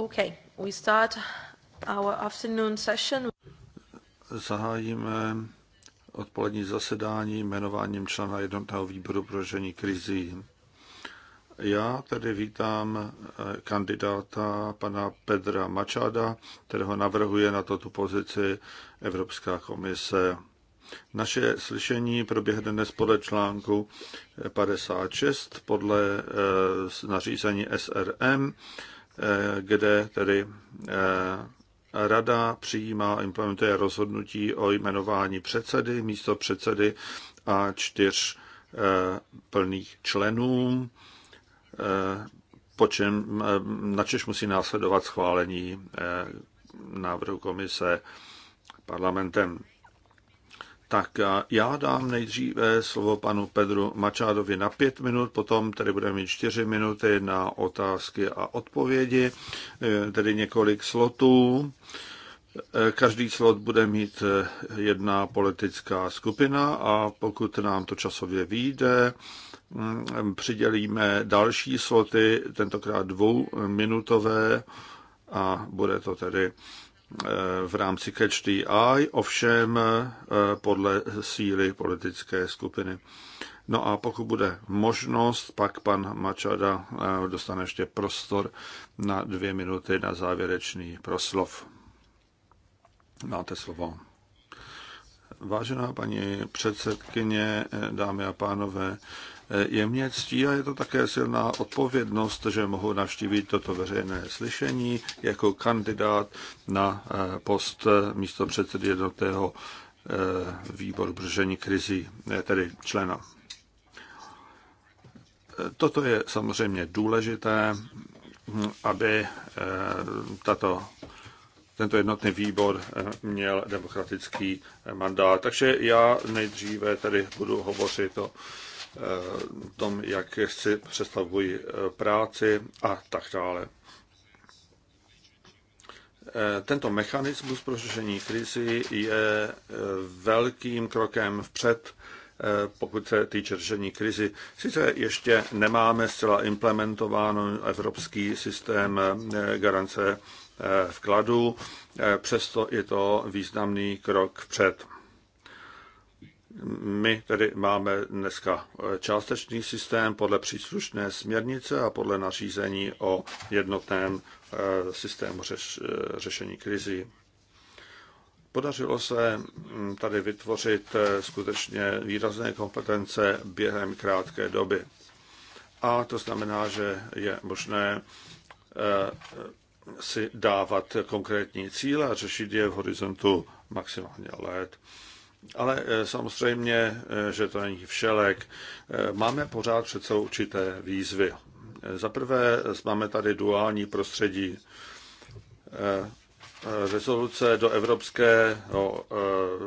Okay, we start our afternoon session. Zahájíme odpolední zasedání jmenováním člena jednotného výboru pro řešení krizí. Já tedy vítám eh, kandidáta pana Pedra Mačáda, kterého navrhuje na toto pozici Evropská komise. Naše slyšení proběhne dnes podle článku 56 podle eh, nařízení SRM Eh, kde tedy eh, Rada přijímá a implementuje rozhodnutí o jmenování předsedy, místo předsedy a čtyř eh, plných členů, po čem, čež musí následovat schválení návrhu komise parlamentem. Tak já dám nejdříve slovo panu Pedru Mačádovi na pět minut, potom tady budeme mít čtyři minuty na otázky a odpovědi, eh, tedy několik slotů. Eh, každý slot bude mít eh, jedna politická skupina a pokud nám to časově vyjde, mm, přidělíme další sloty, tentokrát dvouminutové a bude to tedy Eh, v rámci Catch the Eye, ovšem eh, podle síly politické skupiny. No a pokud bude možnost, pak pan Mačada eh, dostane ještě prostor na dvě minuty na závěrečný proslov. Máte slovo. Vážená paní předsedkyně, dámy a pánové, je mě ctí a je to také silná odpovědnost, že mohu navštívit toto veřejné slyšení jako kandidát na eh, post eh, místo předsedy jednotného eh, výboru pro krizi, tedy člena. Toto je samozřejmě důležité, hm, aby tato, tento jednotný výbor měl demokratický mandát. Takže já nejdříve tady budu hovořit o Eh, tom, jak si představují eh, práci a tak dále. Eh, tento mechanismus pro řešení krizi je velkým krokem vpřed, pokud se týče řešení krizi. Sice ještě nemáme zcela implementováno evropský systém garance vkladů, přesto je to významný krok vpřed. My tedy máme dneska eh, částečný systém podle příslušné směrnice a podle nařízení o jednotném eh, systému řeš, eh, řešení krizí. Podařilo se hm, tady vytvořit skutečně výrazné kompetence během krátké doby. A to znamená, že je možné si dávat konkrétní cíle a řešit je v horizontu maximálně let. Ale eh, samozřejmě, eh, že to není všelek. Eh, máme pořád přece určité výzvy. Za prvé máme tady duální prostředí. Eh, rezoluce do no,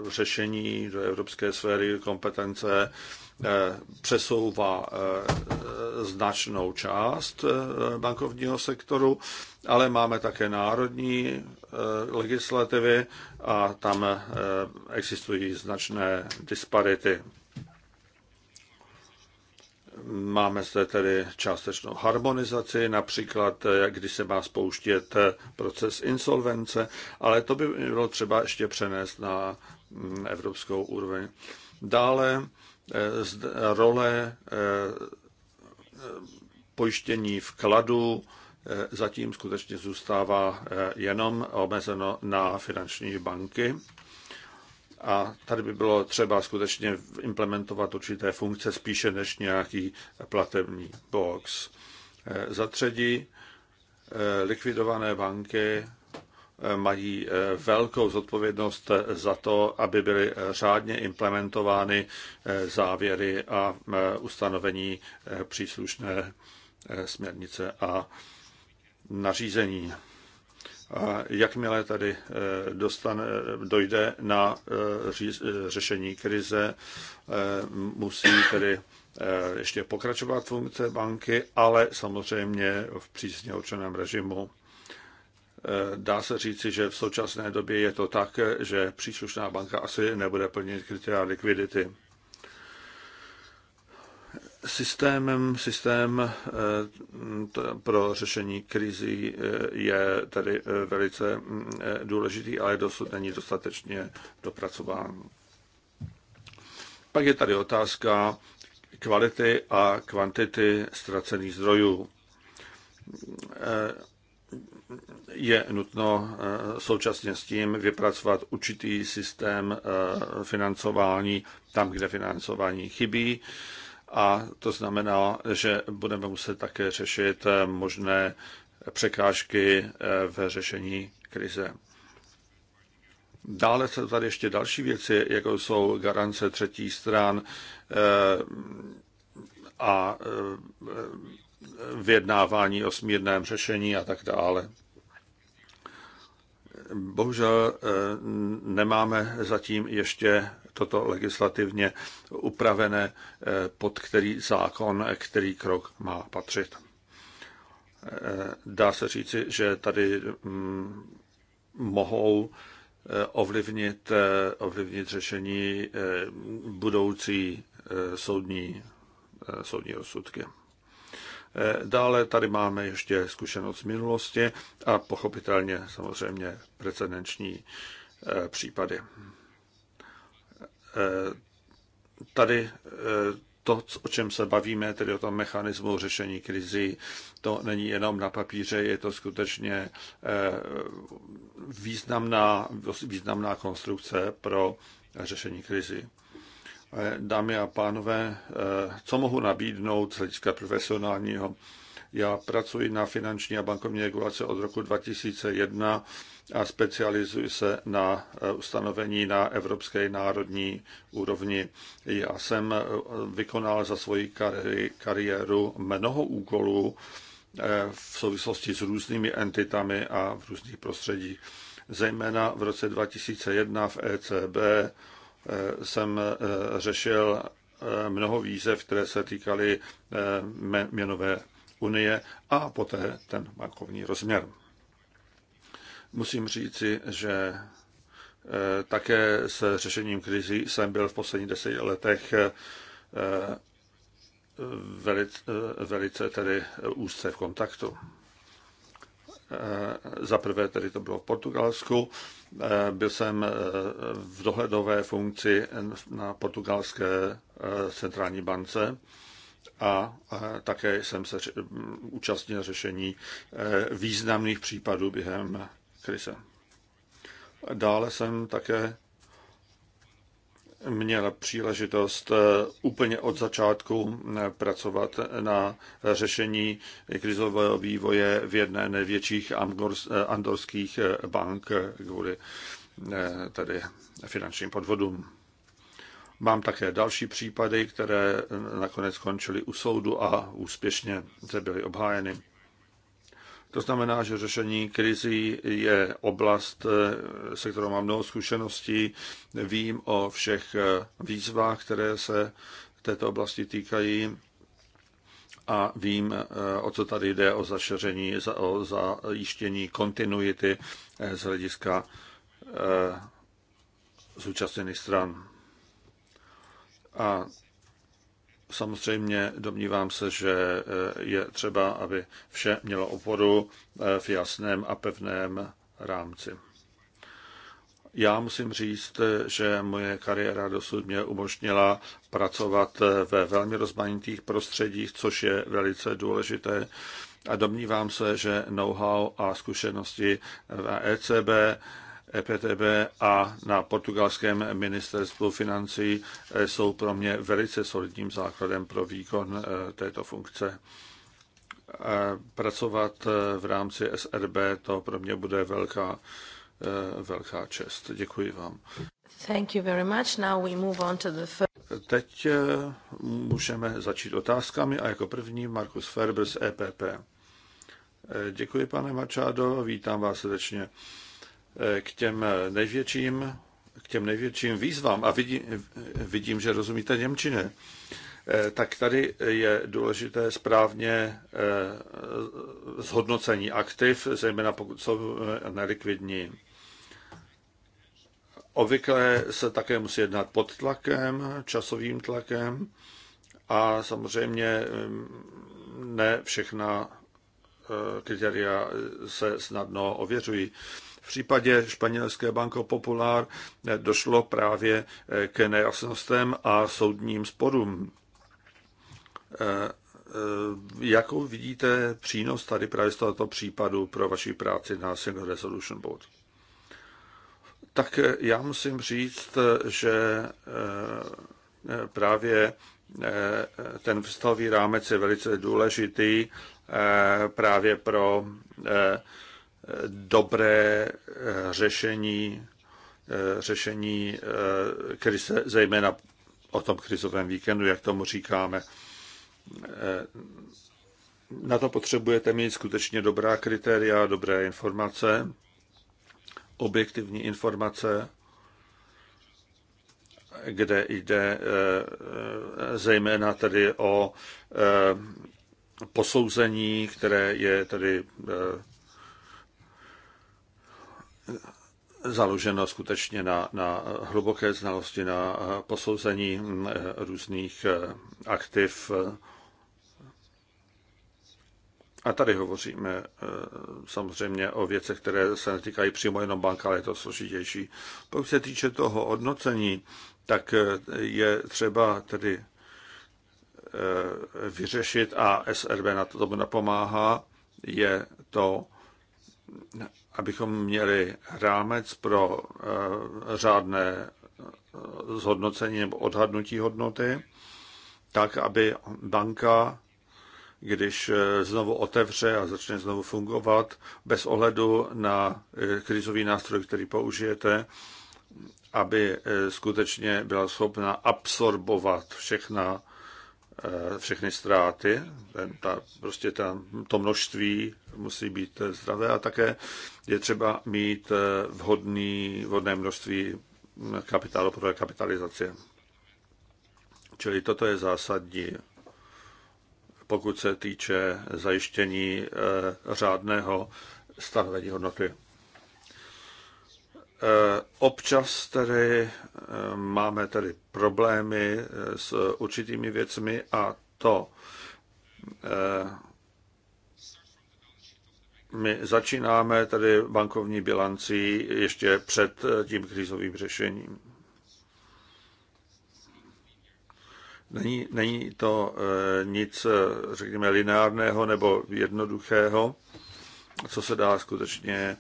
řešení, do evropské sféry kompetence eh, přesouvá značnou část bankovního sektoru, ale máme také národní legislativy a tam existují značné disparity. Máme zde tedy částečnou harmonizaci, například eh, když se má spouštět eh, proces insolvence, ale to by bylo třeba ještě přenést na mm, evropskou úroveň. Dále eh, role pojištění vkladu zatím skutečně zůstává jenom omezeno na finanční banky a tady by bylo třeba skutečně implementovat určité funkce spíše než nějaký platební box. Eh, za třetí, eh, likvidované banky eh, mají velkou zodpovědnost za to, aby byly řádně implementovány závěry a ustanovení příslušné směrnice a nařízení a jakmile tady eh, dostane, dojde na eh, eh, řešení krize, musí tedy ještě pokračovat funkce banky, ale samozřejmě v přísně určeném režimu. Dá se říci, že v současné době je to tak, že příslušná banka asi nebude plnit kritéria likvidity. Systémem, systém eh, pro řešení krizí eh, je tady eh, velice mm, důležitý, ale dosud není dostatečně dopracován. Pak je tady otázka kvality a kvantity ztracených zdrojů. Je nutno současně s tím vypracovat určitý systém financování tam, kde financování chybí a to znamená, že budeme muset také řešit možné překážky eh, v řešení krize. Dále jsou tady ještě další věci, jako jsou garance třetí stran eh, a eh, vyjednávání o smírném řešení a tak dále. Bohužel nemáme zatím ještě toto legislativně upravené, eh, pod který zákon, který krok má patřit. Eh, dá se říci, že tady mm, mohou eh, ovlivnit, ovlivnit řešení budoucí soudní, soudní rozsudky. Dále tady máme ještě zkušenost z minulosti a pochopitelně samozřejmě precedenční případy. Eh, tady eh, to, o čem se bavíme, tedy o tom mechanismu řešení krizi, to není jenom na papíře, je to skutečně eh, významná, významná konstrukce pro řešení krizi. Dámy a pánové, co mohu nabídnout z hlediska profesionálního? Já pracuji na finanční a bankovní regulaci od roku 2001 a specializuji se na eh, ustanovení na evropské národní úrovni. Já jsem eh, vykonal za svoji kariéru mnoho úkolů eh, v souvislosti s různými entitami a v různých prostředích. Zejména v roce 2001 v ECB jsem řešil mnoho výzev, které se týkaly měnové unie a poté ten bankovní rozměr. Musím říci, že e, také s řešením krizí jsem byl v posledních deseti letech e, velice, velice tedy úzce v kontaktu. E, za prvé tedy to bylo v Portugalsku. Byl jsem v dohledové funkci na portugalské centrální bance a také jsem se účastnil řešení eh, významných případů během krize. Dále jsem také měl příležitost eh, úplně od začátku eh, pracovat na řešení krizového vývoje v jedné největších andorských bank kvůli tedy finančním podvodům. Mám také další případy, které eh, nakonec skončily u soudu a úspěšně se byly obhájeny. To znamená, že řešení krizí je oblast, eh, se kterou mám mnoho zkušeností. Vím o všech eh, výzvách, které se této oblasti týkají a vím, o co tady jde, o zašeření, o zajištění kontinuity z hlediska zúčastněných stran. A samozřejmě domnívám se, že eh, je třeba, aby vše mělo oporu eh, v jasném a pevném rámci. Já musím říct, že moje kariéra dosud mě umožnila pracovat eh, ve velmi rozmanitých prostředích, což je velice důležité. A domnívám se, že know-how a zkušenosti v ECB EPTB a na portugalském ministerstvu financí eh, jsou pro mě velice solidním základem pro výkon eh, této funkce. Eh, pracovat v rámci SRB to pro mě bude velká, velká čest. Děkuji vám. Thank you very much. Now we move on to the first... Teď můžeme začít otázkami a jako první Markus Ferber z EPP. Děkuji, pane Mačádo, vítám vás srdečně. Eh, k těm největším, k těm největším výzvám a vidím, vidím, že rozumíte Němčině, eh, tak tady je důležité správně eh, zhodnocení aktiv, zejména pokud jsou nelikvidní. Obvykle se také musí jednat pod tlakem, časovým tlakem a samozřejmě mm, ne všechna kritéria se snadno ověřují. V případě španělské Banco Popular došlo právě eh, k nejasnostem a soudním sporům. Eh, eh, jakou vidíte přínos tady právě z tohoto případu pro vaši práci na Single Resolution Board? Tak já musím říct, že právě ten vztahový rámec je velice důležitý právě pro dobré eh, řešení, eh, řešení eh, krize, zejména o tom krizovém víkendu, jak tomu říkáme. Na to potřebujete mít skutečně dobrá kritéria, dobré informace, objektivní informace, kde jde zejména tedy o posouzení, které je tedy založeno skutečně na, na hluboké znalosti, na posouzení mm, různých eh, aktiv. A tady hovoříme eh, samozřejmě o věcech, které se netýkají přímo jenom banka, ale je to složitější. Pokud se týče toho odnocení, tak eh, je třeba tedy vyřešit a SRB na to tomu napomáhá, je to abychom měli rámec pro eh, řádné eh, zhodnocení nebo odhadnutí hodnoty, tak aby banka, když eh, znovu otevře a začne znovu fungovat, bez ohledu na krizový nástroj, který použijete, aby skutečně byla schopna absorbovat všechna Eh, všechny ztráty, ten, ta, prostě ta, to množství musí být eh, zdravé a také je třeba mít eh, vhodný, vhodné množství mm, kapitálu pro kapitalizaci. Čili toto je zásadní, pokud se týče zajištění řádného stanovení hodnoty. Eh, občas tedy eh, máme tedy problémy eh, s určitými věcmi a to my začínáme tedy bankovní bilancí ještě před tím krizovým řešením. Není, není to nic, řekněme, lineárného nebo jednoduchého, co se dá skutečně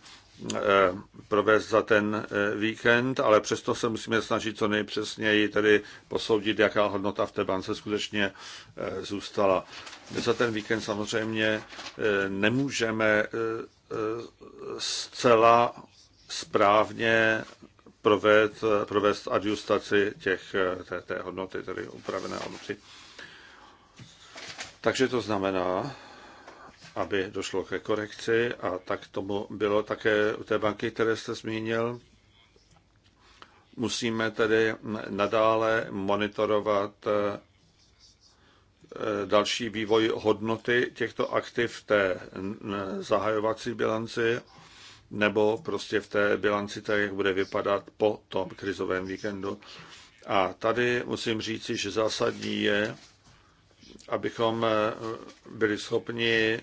Eh, provést za ten eh, víkend, ale přesto se musíme snažit co nejpřesněji tedy posoudit, jaká hodnota v té bance skutečně eh, zůstala. Za ten víkend samozřejmě nemůžeme zcela správně provést, provést adjustaci těch, té, té hodnoty, tedy upravené hodnoty. Takže to znamená, aby došlo ke korekci a tak tomu bylo také u té banky, které jste zmínil. Musíme tedy nadále monitorovat eh, eh, další vývoj hodnoty těchto aktiv v té zahajovací bilanci nebo prostě v té bilanci, tak jak bude vypadat po tom krizovém víkendu. A tady musím říci, že zásadní je, abychom eh, byli schopni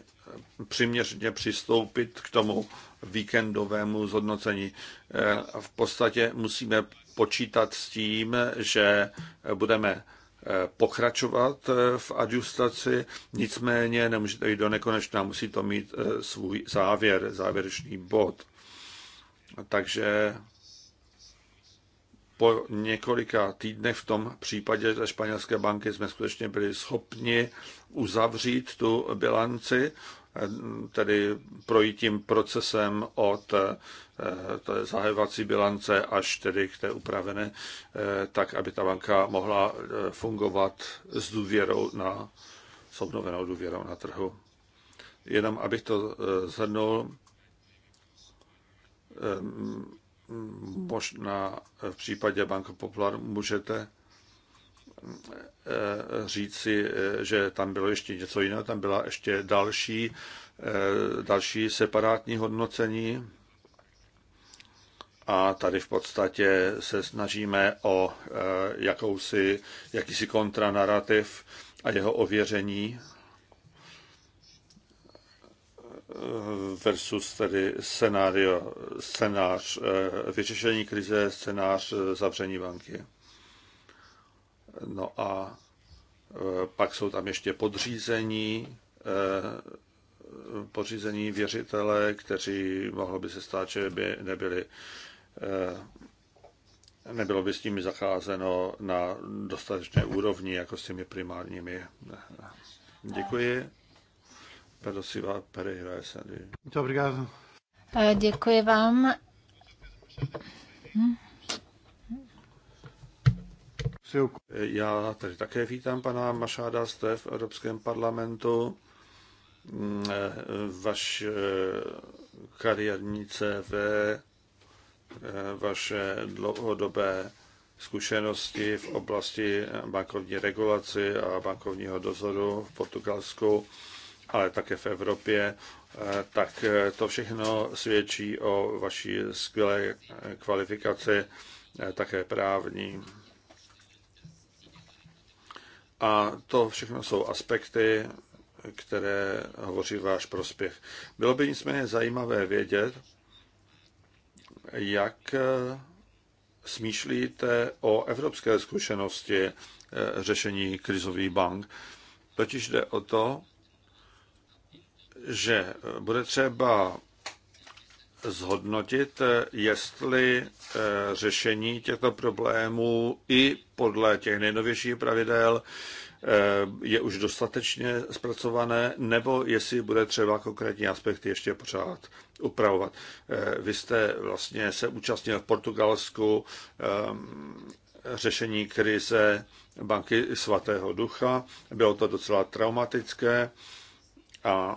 přiměřně přistoupit k tomu víkendovému zhodnocení. Eh, v podstatě musíme počítat s tím, že budeme eh, pokračovat eh, v adjustaci, nicméně nemůžete jít do nekonečna, musí to mít svůj závěr, závěrečný bod. Takže po několika týdnech v tom případě ze španělské banky jsme skutečně byli schopni uzavřít tu bilanci tedy projít tím procesem od eh, té zahajovací bilance až tedy k té upravené, eh, tak aby ta banka mohla eh, fungovat s důvěrou na, s obnovenou důvěrou na trhu. Jenom abych to zhrnul, možná v případě Banka Popular můžete Eh, říci, eh, že tam bylo ještě něco jiného, tam byla ještě další, eh, další separátní hodnocení. A tady v podstatě se snažíme o jakousi, jakýsi kontranarativ a jeho ověření versus tedy scenario, scénář vyřešení krize, scénář zavření banky. No a e, pak jsou tam ještě podřízení, e, podřízení věřitele, kteří mohlo by se stát, že by nebyli, e, nebylo by s nimi zacházeno na dostatečné úrovni, jako s těmi primárními. Děkuji. Pedosiva Pereira Dobrý Děkuji vám. Hm? Já tady také vítám pana Mašáda, jste v Evropském parlamentu. Mm, eh, vaš eh, kariérní CV, eh, vaše dlouhodobé zkušenosti v oblasti bankovní regulaci a bankovního dozoru v Portugalsku, ale také v Evropě, tak to všechno svědčí o vaší skvělé kvalifikaci, také právní. A to všechno jsou aspekty, které hovoří váš prospěch. Bylo by nicméně zajímavé vědět, jak eh, smýšlíte o evropské zkušenosti eh, řešení krizových bank. Totiž jde o to, že eh, bude třeba zhodnotit, eh, jestli eh, řešení těchto problémů i podle těch nejnovějších pravidel eh, je už dostatečně zpracované, nebo jestli bude třeba konkrétní aspekty ještě pořád upravovat. Vy jste vlastně se účastnil v Portugalsku řešení krize banky svatého ducha. Bylo to docela traumatické a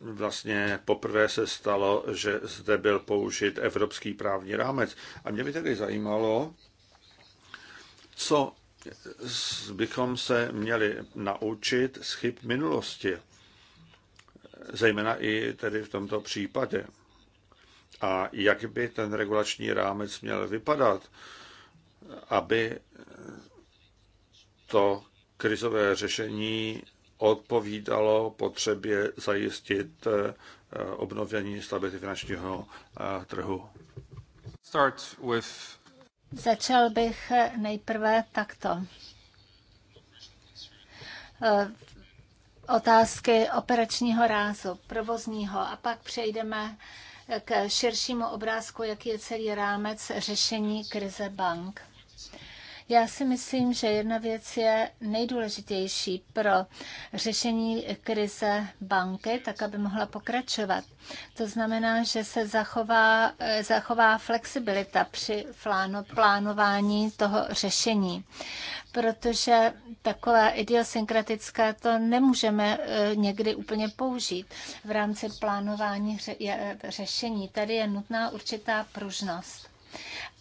vlastně poprvé se stalo, že zde byl použit evropský právní rámec. A mě by tedy zajímalo, co bychom se měli naučit z chyb minulosti, zejména i tedy v tomto případě. A jak by ten regulační rámec měl vypadat, aby to krizové řešení odpovídalo potřebě zajistit eh, obnovení stability finančního eh, trhu. Začal bych eh, nejprve takto. Otázky operačního rázu, provozního a pak přejdeme k širšímu obrázku, jaký je celý rámec řešení krize bank. Já si myslím, že jedna věc je nejdůležitější pro řešení krize banky, tak aby mohla pokračovat. To znamená, že se zachová, zachová flexibilita při plánování toho řešení, protože takové idiosynkratické to nemůžeme eh, někdy úplně použít v rámci plánování řešení. Tady je nutná určitá pružnost.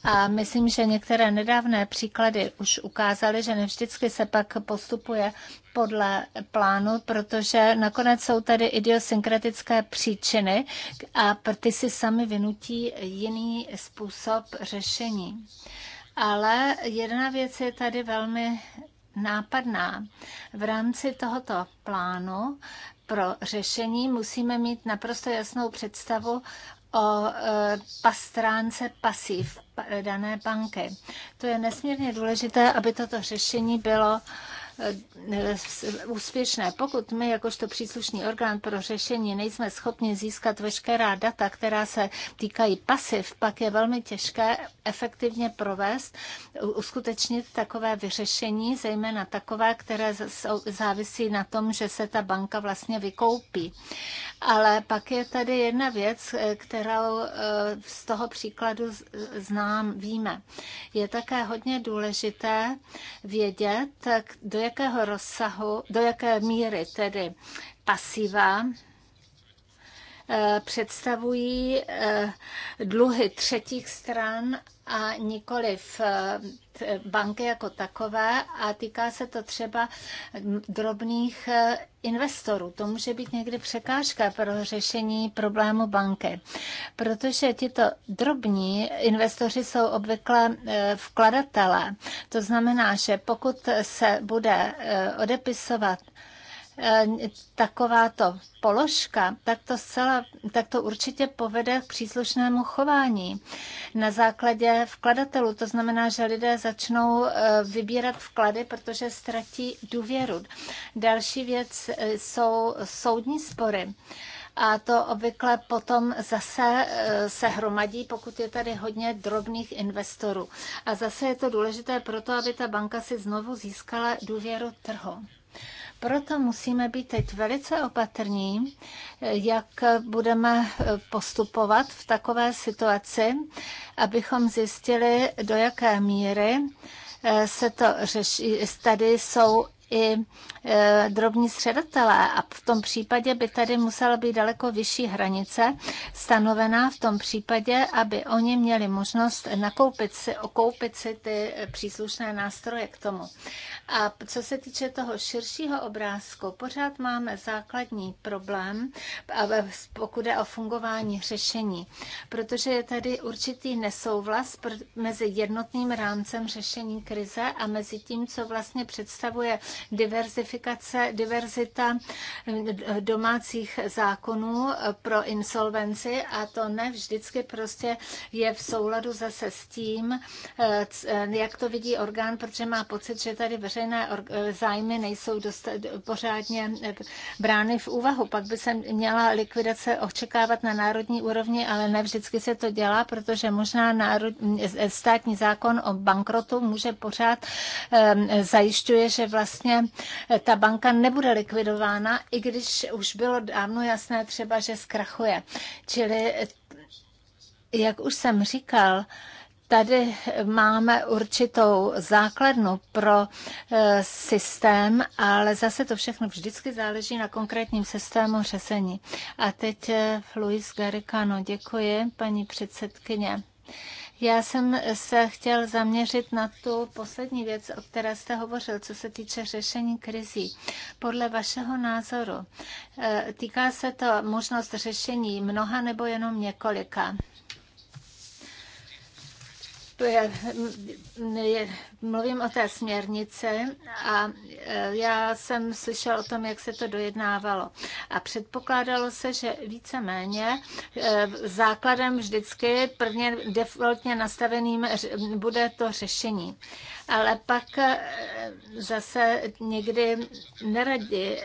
A myslím, že některé nedávné příklady už ukázaly, že nevždycky se pak postupuje podle plánu, protože nakonec jsou tady idiosynkratické příčiny a ty si sami vynutí jiný způsob řešení. Ale jedna věc je tady velmi nápadná. V rámci tohoto plánu pro řešení musíme mít naprosto jasnou představu o e, stránce pasiv dané banky. To je nesmírně důležité, aby toto řešení bylo Eh, úspěšné. Pokud my, jakožto příslušný orgán pro řešení, nejsme schopni získat veškerá data, která se týkají pasiv, pak je velmi těžké efektivně provést, uskutečnit takové vyřešení, zejména takové, které závisí na tom, že se ta banka vlastně vykoupí. Ale pak je tady jedna věc, eh, kterou eh, z toho příkladu znám, víme. Je také hodně důležité vědět, do jakého rozsahu, do jaké míry tedy pasiva eh, představují eh, dluhy třetích stran a nikoli v eh, banky jako takové a týká se to třeba drobných eh, investorů. To může být někdy překážka pro řešení problému banky, protože tito drobní investoři jsou obvykle eh, vkladatelé. To znamená, že pokud se bude odepisovat Eh, takováto položka, tak to, zcela, tak to určitě povede k příslušnému chování na základě vkladatelů. To znamená, že lidé začnou eh, vybírat vklady, protože ztratí důvěru. Další věc eh, jsou soudní spory a to obvykle potom zase se hromadí, pokud je tady hodně drobných investorů. A zase je to důležité proto, aby ta banka si znovu získala důvěru trhu. Proto musíme být teď velice opatrní, jak budeme postupovat v takové situaci, abychom zjistili, do jaké míry eh, se to řeší. Tady jsou i e, drobní středatelé a v tom případě by tady musela být daleko vyšší hranice stanovená v tom případě, aby oni měli možnost nakoupit si, okoupit si ty příslušné nástroje k tomu. A co se týče toho širšího obrázku, pořád máme základní problém, pokud je o fungování řešení, protože je tady určitý nesouhlas mezi jednotným rámcem řešení krize a mezi tím, co vlastně představuje diverzifikace, diverzita domácích zákonů pro insolvenci a to ne vždycky prostě je v souladu zase s tím, eh, jak to vidí orgán, protože má pocit, že tady veřejné eh, zájmy nejsou dost, pořádně eh, brány v úvahu. Pak by se měla likvidace očekávat na národní úrovni, ale ne vždycky se to dělá, protože možná národ, státní zákon o bankrotu může pořád zajišťuje, že vlastně vlastně ta banka nebude likvidována, i když už bylo dávno jasné třeba, že zkrachuje. Čili, jak už jsem říkal, tady máme určitou základnu pro eh, systém, ale zase to všechno vždycky záleží na konkrétním systému řešení. A teď eh, Luis Garicano, děkuji, paní předsedkyně. Já jsem se chtěl zaměřit na tu poslední věc, o které jste hovořil, co se týče řešení krizí. Podle vašeho názoru, e, týká se to možnost řešení mnoha nebo jenom několika? to je, mluvím o té směrnice a e, já jsem slyšela o tom, jak se to dojednávalo. A předpokládalo se, že víceméně e, základem vždycky prvně defaultně nastaveným bude to řešení ale pak eh, zase někdy neradi,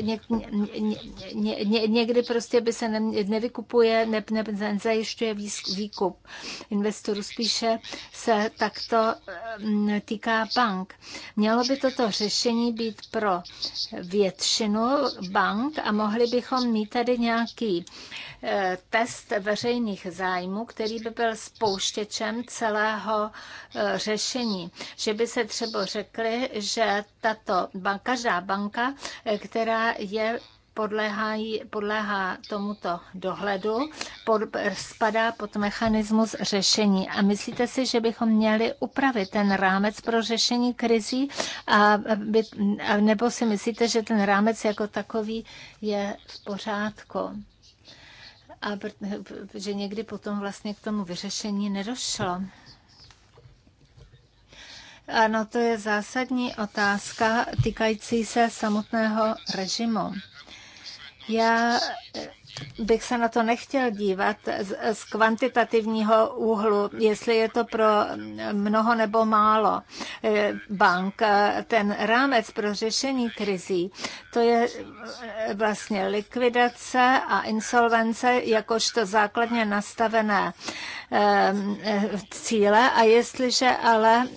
ně, ně, ně, ně, někdy prostě by se ne, nevykupuje, ne, ne, nezajišťuje výkup investorů, spíše se takto mm, týká bank. Mělo by toto řešení být pro většinu bank a mohli bychom mít tady nějaký eh, test veřejných zájmů, který by byl spouštěčem celého eh, řešení že by se třeba řekli, že tato banka, každá banka, která je podléhají, podléhá tomuto dohledu, pod, spadá pod mechanismus řešení. A myslíte si, že bychom měli upravit ten rámec pro řešení krizí, a, by, a nebo si myslíte, že ten rámec jako takový je v pořádku? A že někdy potom vlastně k tomu vyřešení nedošlo. Ano, to je zásadní otázka týkající se samotného režimu. Já bych se na to nechtěl dívat z, z kvantitativního úhlu, jestli je to pro mnoho nebo málo eh, bank. Eh, ten rámec pro řešení krizí, to je eh, vlastně likvidace a insolvence jakožto základně nastavené cíle a jestliže ale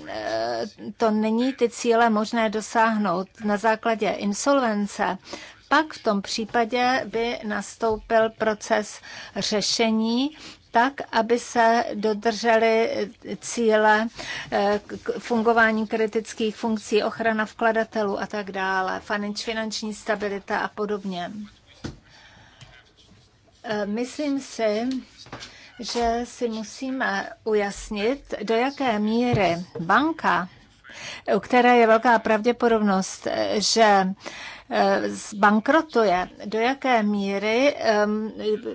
to není ty cíle možné dosáhnout na základě insolvence, pak v tom případě by nastoupil proces řešení tak, aby se dodržely cíle eh, fungování kritických funkcí, ochrana vkladatelů a tak dále, finanční stabilita a podobně. Eh, myslím si, že si musíme ujasnit, do jaké míry banka, u které je velká pravděpodobnost, eh, že Eh, zbankrotuje. Do jaké míry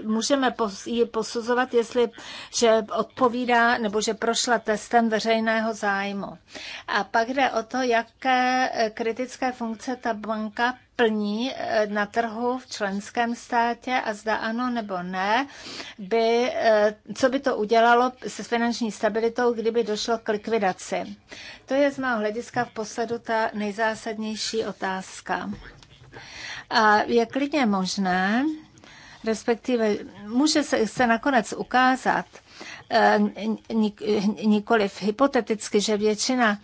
můžeme ji posuzovat, jestli že odpovídá nebo že prošla testem veřejného zájmu. A pak jde o to, jaké eh, kritické funkce ta banka plní eh, na trhu v členském státě a zda ano nebo ne, by, co by to udělalo se finanční stabilitou, kdyby došlo k likvidaci. To je z mého hlediska v posledu ta nejzásadnější otázka. A je klidně možné, respektive může se, se nakonec ukázat, eh, nikoliv hypoteticky, že většina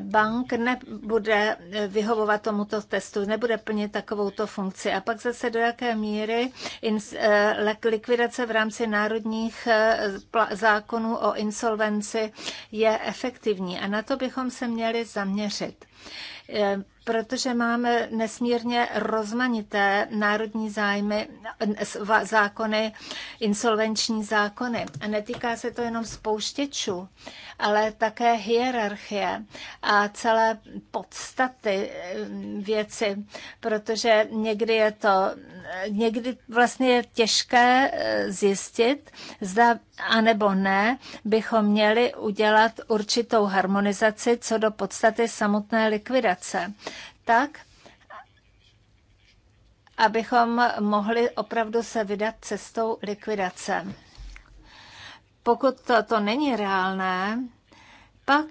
bank nebude vyhovovat tomuto testu, nebude plnit takovouto funkci. A pak zase do jaké míry eh, likvidace v rámci národních eh, zákonů o insolvenci je efektivní. A na to bychom se měli zaměřit protože máme nesmírně rozmanité národní zájmy, zákony, insolvenční zákony. A netýká se to jenom spouštěčů, ale také hierarchie a celé podstaty eh, věci, protože někdy je to, někdy vlastně je těžké eh, zjistit, zda a nebo ne, bychom měli udělat určitou harmonizaci co do podstaty samotné likvidace tak, abychom mohli opravdu se vydat cestou likvidace. Pokud to, to není reálné, pak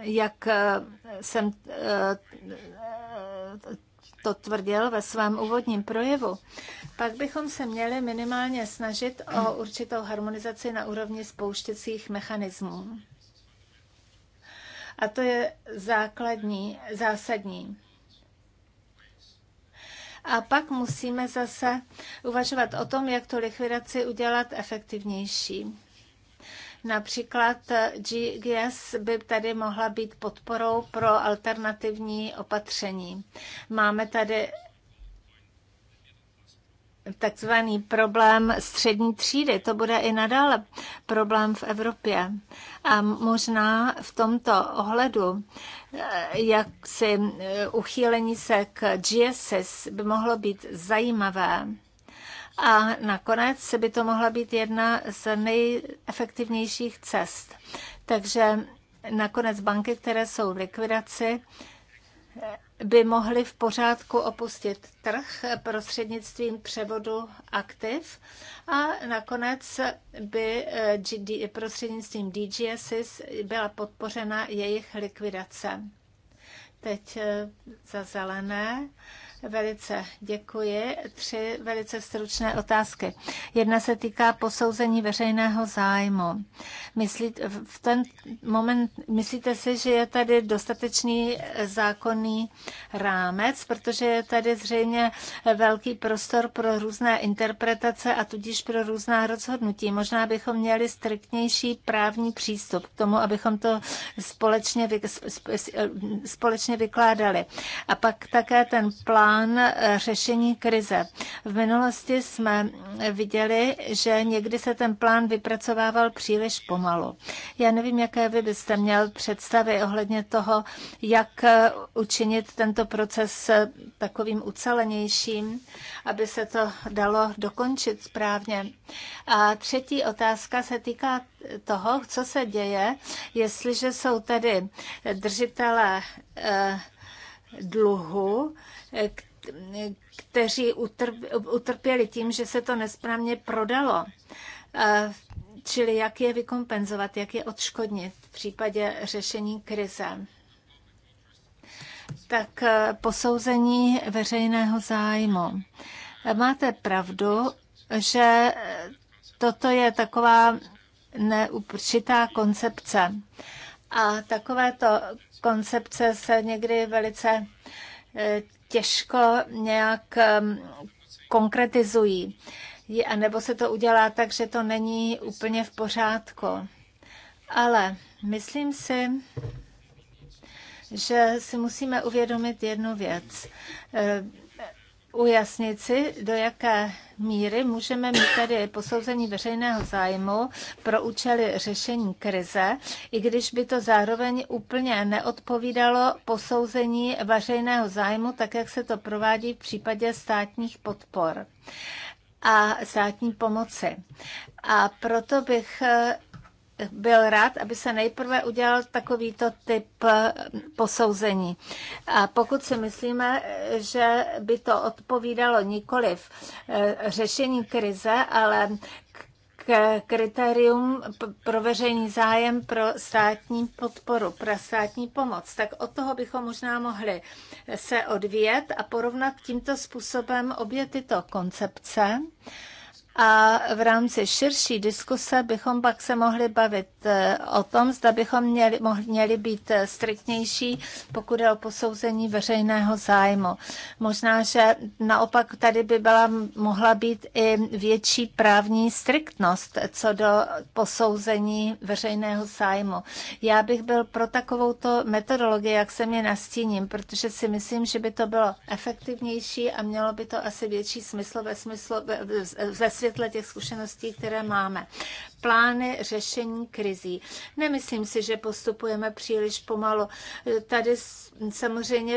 jak eh, jsem eh, to tvrdil ve svém úvodním projevu, pak bychom se měli minimálně snažit o určitou harmonizaci na úrovni spouštěcích mechanismů. A to je základní, zásadní. A pak musíme zase uvažovat o tom, jak tu likvidaci udělat efektivnější. Například GGS by tady mohla být podporou pro alternativní opatření. Máme tady takzvaný problém střední třídy. To bude i nadále problém v Evropě. A možná v tomto ohledu eh, jak si eh, uchýlení se k GSS by mohlo být zajímavé. A nakonec by to mohla být jedna z nejefektivnějších cest. Takže nakonec banky, které jsou v likvidaci, by mohli v pořádku opustit trh prostřednictvím převodu aktiv a nakonec by eh, prostřednictvím DGSIS byla podpořena jejich likvidace. Teď eh, za zelené Velice děkuji. Tři velice stručné otázky. Jedna se týká posouzení veřejného zájmu. Myslíte v ten moment, myslíte si, že je tady dostatečný zákonný rámec, protože je tady zřejmě velký prostor pro různé interpretace a tudíž pro různá rozhodnutí. Možná bychom měli striktnější právní přístup k tomu, abychom to společně, společně vykládali. A pak také ten plán plán řešení krize. V minulosti jsme viděli, že někdy se ten plán vypracovával příliš pomalu. Já nevím, jaké vy byste měl představy ohledně toho, jak učinit tento proces takovým ucelenějším, aby se to dalo dokončit správně. A třetí otázka se týká toho, co se děje, jestliže jsou tedy držitelé eh, dluhu, kteří utrpěli tím, že se to nesprávně prodalo. Čili jak je vykompenzovat, jak je odškodnit v případě řešení krize. Tak e, posouzení veřejného zájmu. Máte pravdu, že toto je taková neupřitá koncepce. A takovéto koncepce se někdy velice eh, těžko nějak ehm, konkretizují. A nebo se to udělá tak, že to není úplně v pořádku. Ale myslím si, že si musíme uvědomit jednu věc. Eh, ujasnit si, do jaké míry můžeme mít tady posouzení veřejného zájmu pro účely řešení krize, i když by to zároveň úplně neodpovídalo posouzení veřejného zájmu, tak jak se to provádí v případě státních podpor a státní pomoci. A proto bych byl rád, aby se nejprve udělal takovýto typ eh, posouzení. A pokud si myslíme, že by to odpovídalo nikoliv eh, řešení krize, ale k kritérium pro veřejný zájem pro státní podporu, pro státní pomoc. Tak od toho bychom možná mohli eh, se odvíjet a porovnat tímto způsobem obě tyto koncepce a v rámci širší diskuse bychom pak se mohli bavit e, o tom, zda bychom měli, mohli, měli být e, striktnější, pokud je o posouzení veřejného zájmu. Možná, že naopak tady by byla, mohla být i větší právní striktnost e, co do posouzení veřejného zájmu. Já bych byl pro takovouto metodologii, jak se mě nastíním, protože si myslím, že by to bylo efektivnější a mělo by to asi větší smysl ve smyslu ve, ve světle těch zkušeností, které máme. Plány řešení krizí. Nemyslím si, že postupujeme příliš pomalu. Tady samozřejmě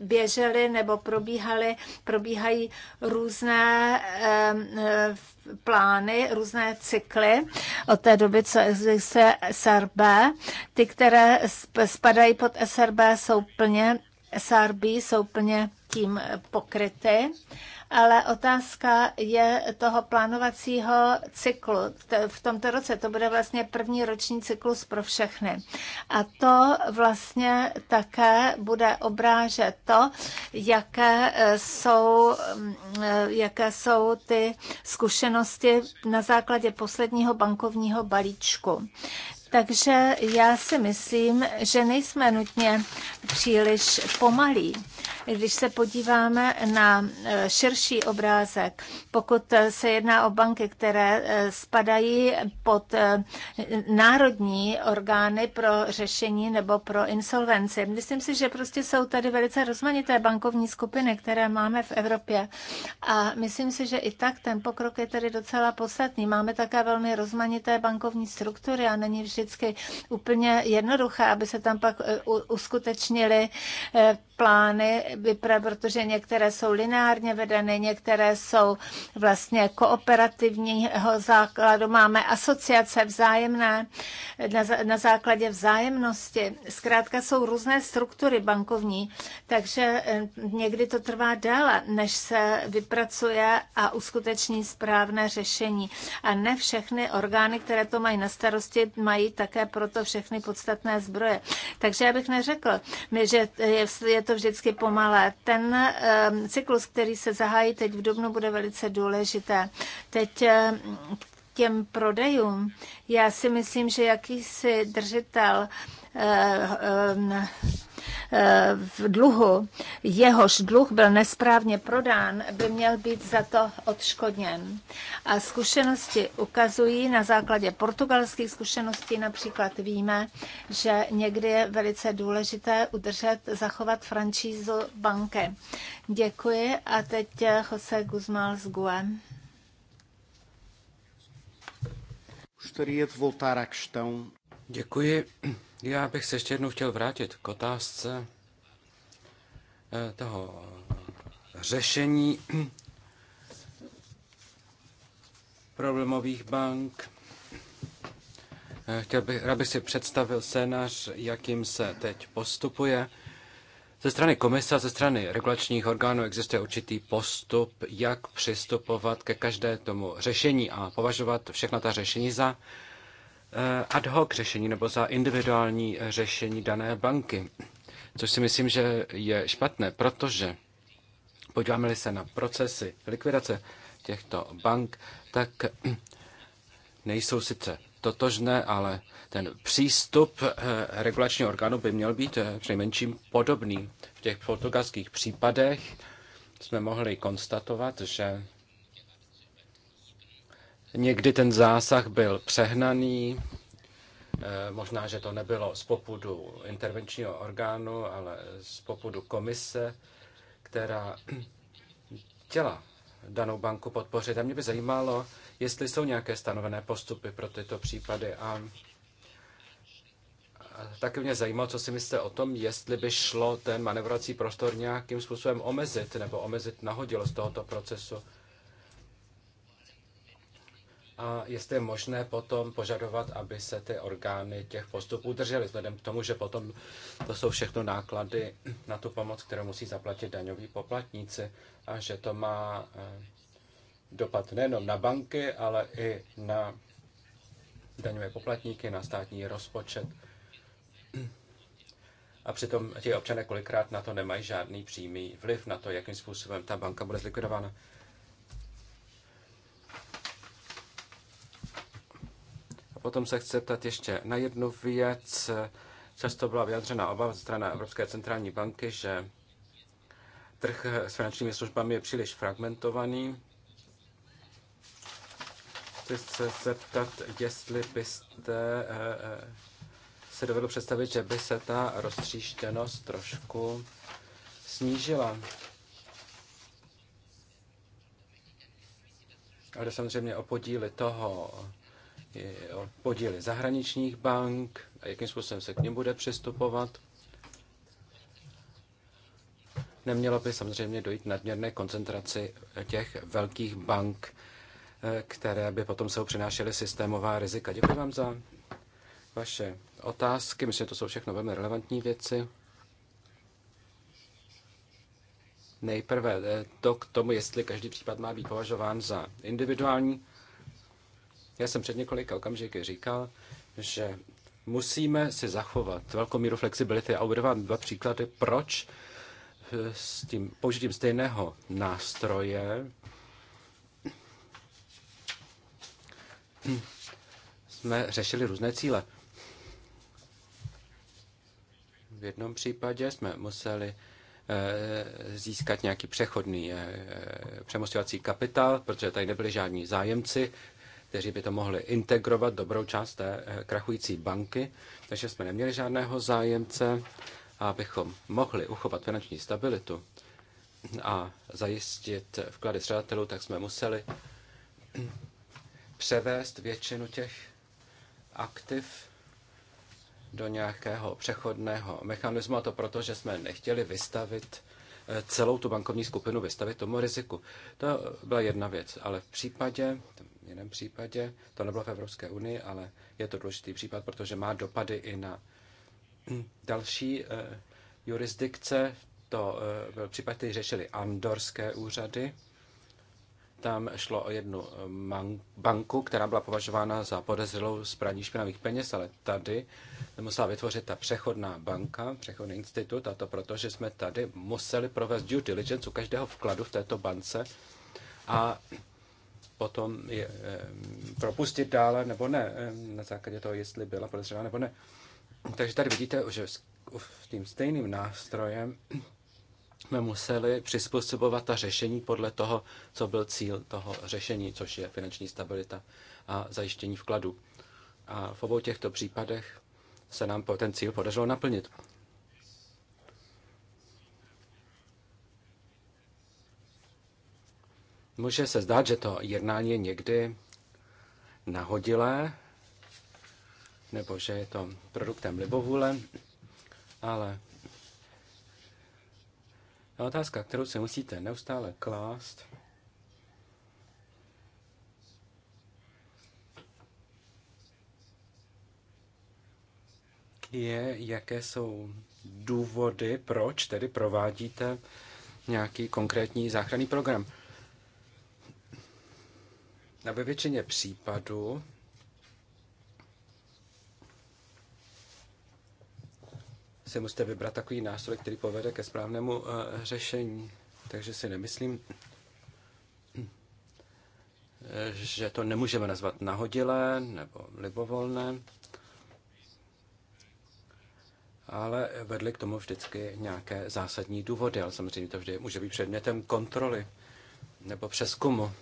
běžely nebo probíhaly, probíhají různé eh, plány, různé cykly od té doby, co existuje SRB. Ty, které spadají pod SRB, jsou plně SRB jsou plně tím pokryty ale otázka je toho plánovacího cyklu. V tomto roce to bude vlastně první roční cyklus pro všechny. A to vlastně také bude obrážet to, jaké eh, jsou, mm, eh, jaké jsou ty zkušenosti na základě posledního bankovního balíčku. Takže já si myslím, že nejsme nutně příliš pomalí. Když se podíváme na e, širší obrázek, pokud e, se jedná o banky, které e, spadají pod národní orgány pro řešení nebo pro insolvenci, myslím si, že prostě jsou tady velice rozmanité bankovní skupiny, které máme v Evropě. A myslím si, že i tak ten pokrok je tady docela podstatný. Máme také velmi rozmanité bankovní struktury a není vždy vždycky úplně jednoduché, aby se tam pak e, uskutečnily e, plány, protože některé jsou lineárně vedeny, některé jsou vlastně kooperativního základu. Máme asociace vzájemné na základě vzájemnosti. Zkrátka jsou různé struktury bankovní, takže e, někdy to trvá déle, než se vypracuje a uskuteční správné řešení. A ne všechny orgány, které to mají na starosti, mají mít také proto všechny podstatné zbroje. Takže já bych neřekl, že je to vždycky pomalé. Ten ehm, cyklus, který se zahájí teď v Dubnu, bude velice důležité. Teď ehm, těm prodejům. Já si myslím, že jakýsi držitel eh, eh, v dluhu, jehož dluh byl nesprávně prodán, by měl být za to odškodněn. A zkušenosti ukazují, na základě portugalských zkušeností například víme, že někdy je velice důležité udržet, zachovat francízu banky. Děkuji a teď eh, Jose Guzmán z Guem. gostaria de voltar à questão. Děkuji. Já bych se ještě jednou chtěl vrátit k otázce eh, toho eh, řešení problémových bank. Eh, chtěl bych, aby si představil scénář, jakým se teď postupuje. Ze strany komise a ze strany regulačních orgánů existuje určitý postup, jak přistupovat ke každé tomu řešení a považovat všechna ta řešení za eh, ad hoc řešení nebo za individuální řešení dané banky. Což si myslím, že je špatné, protože podíváme-li se na procesy likvidace těchto bank, tak nejsou sice totožné, ale ten přístup eh, regulačního orgánu by měl být eh, přinejmenším podobný. V těch portugalských případech jsme mohli konstatovat, že někdy ten zásah byl přehnaný, eh, možná, že to nebylo z popudu intervenčního orgánu, ale z popudu komise, která chtěla danou banku podpořit. A mě by zajímalo, jestli jsou nějaké stanovené postupy pro tyto případy a taky mě zajímalo, co si myslíte o tom, jestli by šlo ten manevrovací prostor nějakým způsobem omezit nebo omezit nahodilost tohoto procesu. A jestli je možné potom požadovat, aby se ty orgány těch postupů držely, vzhledem k tomu, že potom to jsou všechno náklady na tu pomoc, kterou musí zaplatit daňoví poplatníci a že to má eh, dopad nejenom na banky, ale i na daňové poplatníky, na státní rozpočet. A přitom ti občané kolikrát na to nemají žádný přímý vliv na to, jakým způsobem ta banka bude zlikvidována. A potom se chci ptat ještě na jednu věc. Často byla vyjadřena obava ze strany Evropské centrální banky, že trh s finančními službami je příliš fragmentovaný. Chci se zeptat, jestli byste eh, eh, se dovedu představit, že by se ta roztříštěnost trošku snížila. Ale samozřejmě o podíly toho, o podíly zahraničních bank a jakým způsobem se k ním bude přistupovat. Nemělo by samozřejmě dojít nadměrné koncentraci těch velkých bank, eh, které by potom se přinášely systémová rizika. Děkuji vám za vaše otázky. Myslím, že to jsou všechno velmi relevantní věci. Nejprve eh, to k tomu, jestli každý případ má být považován za individuální. Já jsem před několika okamžiky říkal, že musíme si zachovat velkou míru flexibility a uvedu vám dva příklady, proč eh, s tím použitím stejného nástroje hm. jsme řešili různé cíle. V jednom případě jsme museli eh, získat nějaký přechodný eh, přemostovací kapitál, protože tady nebyli žádní zájemci, kteří by to mohli integrovat dobrou část té eh, krachující banky, takže jsme neměli žádného zájemce. abychom mohli uchovat finanční stabilitu a zajistit vklady střadatelů, tak jsme museli převést většinu těch aktiv do nějakého přechodného mechanismu, a to proto, že jsme nechtěli vystavit eh, celou tu bankovní skupinu vystavit tomu riziku. To byla jedna věc, ale v případě, v jiném případě, to nebylo v Evropské unii, ale je to důležitý případ, protože má dopady i na další eh, jurisdikce. To eh, byl případ, který řešili andorské úřady, tam šlo o jednu eh, banku, která byla považována za podezřelou z praní špinavých peněz, ale tady musela vytvořit ta přechodná banka, přechodný institut, a to proto, že jsme tady museli provést due diligence u každého vkladu v této bance a potom je, eh, propustit dále nebo ne, eh, na základě toho, jestli byla podezřelá nebo ne. Takže tady vidíte, že s tím stejným nástrojem jsme museli přizpůsobovat ta řešení podle toho, co byl cíl toho řešení, což je finanční stabilita a zajištění vkladů. A v obou těchto případech se nám ten cíl podařilo naplnit. Může se zdát, že to jednání je někdy nahodilé, nebo že je to produktem libovůle, ale a otázka, kterou se musíte neustále klást, je, jaké jsou důvody, proč tedy provádíte nějaký konkrétní záchranný program. Na ve většině případů si musíte vybrat takový nástroj, který povede ke správnému eh, řešení. Takže si nemyslím, že to nemůžeme nazvat nahodilé nebo libovolné, ale vedly k tomu vždycky nějaké zásadní důvody, ale samozřejmě to vždy může být předmětem kontroly nebo přeskumu.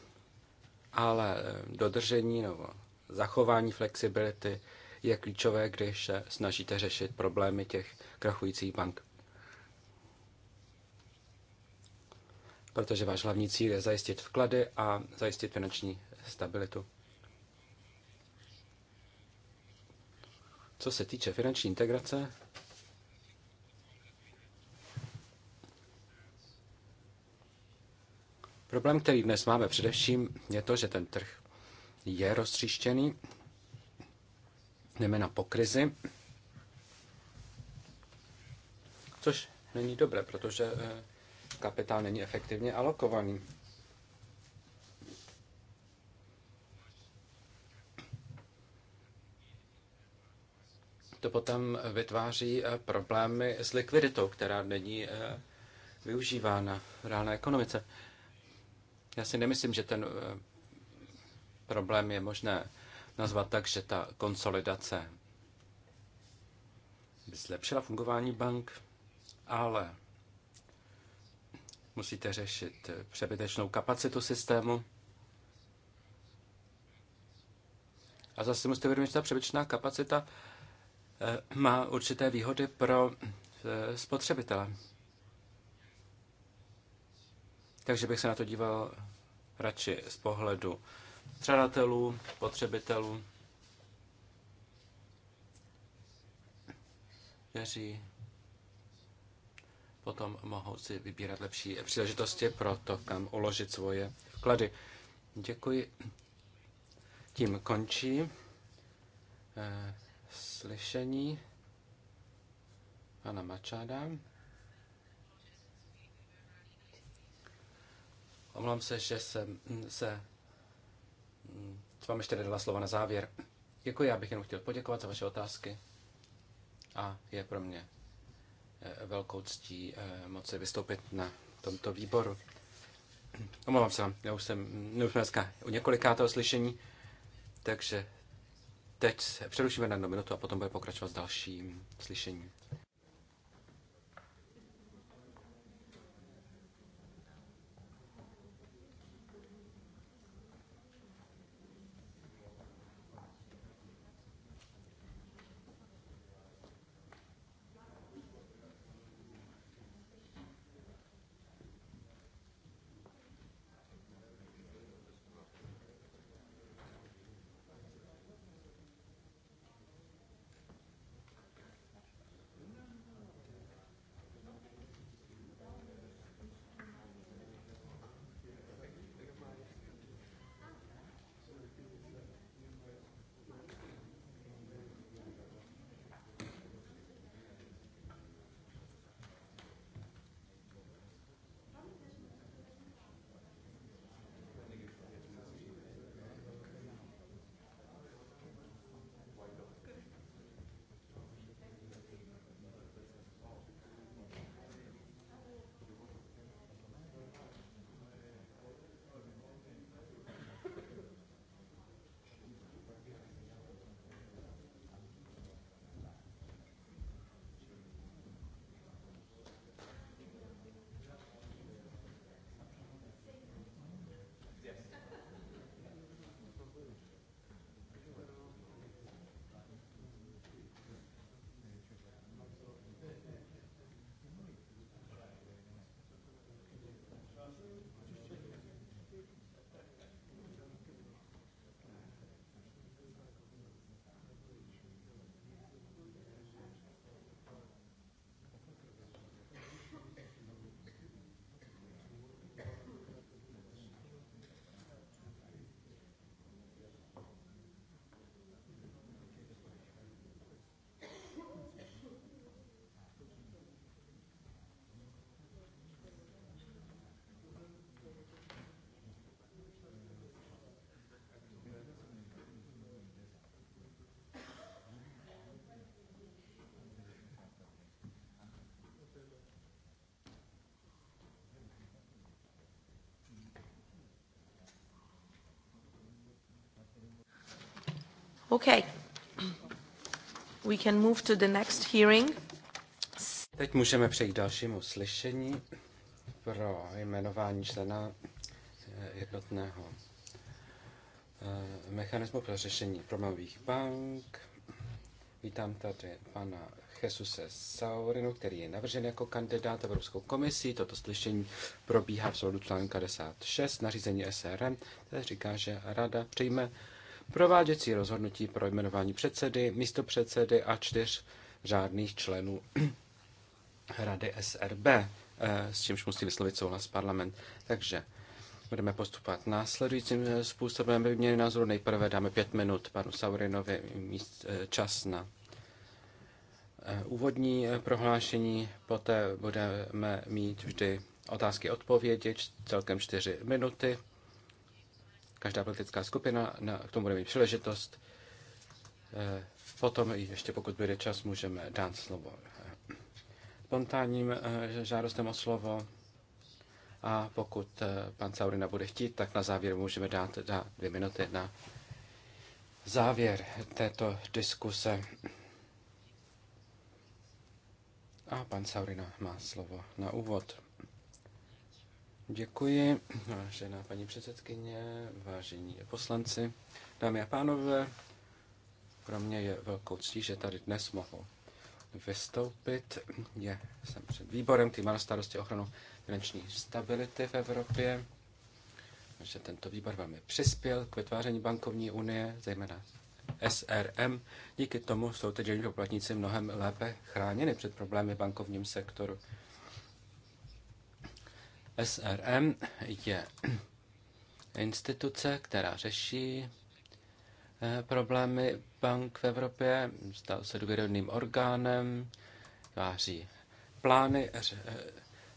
Ale eh, dodržení nebo zachování flexibility je klíčové, když se snažíte řešit problémy těch krachujících bank. Protože váš hlavní cíl je zajistit vklady a zajistit finanční stabilitu. Co se týče finanční integrace, Problém, který dnes máme především, je to, že ten trh je roztříštěný. Jdeme na pokrizi což není dobré, protože eh, kapitál není efektivně alokovaný. To potom vytváří eh, problémy s likviditou, která není eh, využívána v reálné ekonomice. Já si nemyslím, že ten problém je možné nazvat tak, že ta konsolidace by zlepšila fungování bank, ale musíte řešit přebytečnou kapacitu systému. A zase musíte vědomit, že ta přebytečná kapacita eh, má určité výhody pro eh, spotřebitele. Takže bych se na to díval radši z pohledu střadatelů, potřebitelů, kteří potom mohou si vybírat lepší příležitosti pro to, kam uložit svoje vklady. Děkuji. Tím končí eh, slyšení pana Mačáda. Omlouvám se, že jsem se s mm, vámi ještě nedala slova na závěr. Děkuji, já bych jenom chtěl poděkovat za vaše otázky a je pro mě Eh, velkou ctí eh, moci vystoupit na tomto výboru. Omlouvám se vám, já už jsem, hm, už dneska u několikátého slyšení, takže teď přerušíme na jednu minutu a potom bude pokračovat s dalším slyšením. Okay. We can move to the next hearing. Teď můžeme přejít k dalšímu slyšení pro jmenování člena eh, jednotného eh, mechanismu pro řešení problémových bank. Vítám tady pana Jesuse Saurinu, který je navržen jako kandidát Evropskou komisí. Toto slyšení probíhá v soudu článku 56 nařízení SRM, které říká, že Rada přijme prováděcí rozhodnutí pro jmenování předsedy, místopředsedy a čtyř řádných členů Rady SRB, eh, s čímž musí vyslovit souhlas parlament. Takže budeme postupovat následujícím eh, způsobem. měli názoru nejprve dáme pět minut panu Saurinovi míst, eh, čas na úvodní prohlášení, poté budeme mít vždy otázky odpovědi, celkem čtyři minuty Každá politická skupina na, k tomu bude mít příležitost. Eh, potom, ještě pokud bude čas, můžeme dát slovo eh, spontánním eh, žádostem o slovo. A pokud pan Saurina bude chtít, tak na závěr můžeme dát, dát dvě minuty na závěr této diskuse. A pan Saurina má slovo na úvod. Děkuji, vážená paní předsedkyně, vážení poslanci, dámy a pánové. Pro mě je velkou ctí, že tady dnes mohu vystoupit. Je, jsem před výborem, který má na starosti ochranu finanční stability v Evropě. Že tento výbor velmi přispěl k vytváření bankovní unie, zejména SRM. Díky tomu jsou teď poplatníci mnohem lépe chráněni před problémy v bankovním sektoru. SRM je instituce, která řeší eh, problémy bank v Evropě, stal se důvěrodným orgánem, váří plány eh,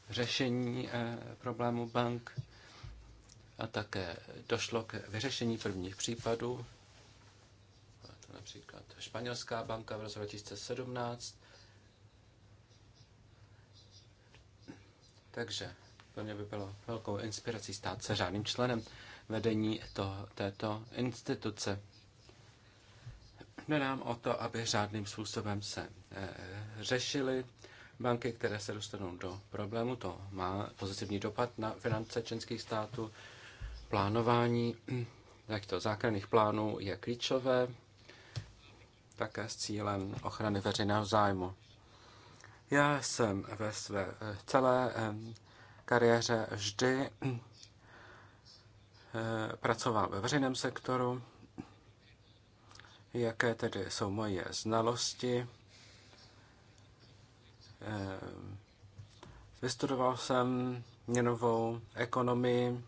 řešení eh, problému bank a také došlo k vyřešení prvních případů. To například španělská banka v roce 2017. Takže pro mě by bylo velkou inspirací stát se řádným členem vedení to, této instituce. Jde nám o to, aby řádným způsobem se e, řešily banky, které se dostanou do problému. To má pozitivní dopad na finance členských států. Plánování těchto hm, záchranných plánů je klíčové, také s cílem ochrany veřejného zájmu. Já jsem ve své eh, celé eh, kariéře vždy eh, pracoval ve veřejném sektoru, jaké tedy jsou moje znalosti. Eh, vystudoval jsem měnovou ekonomii,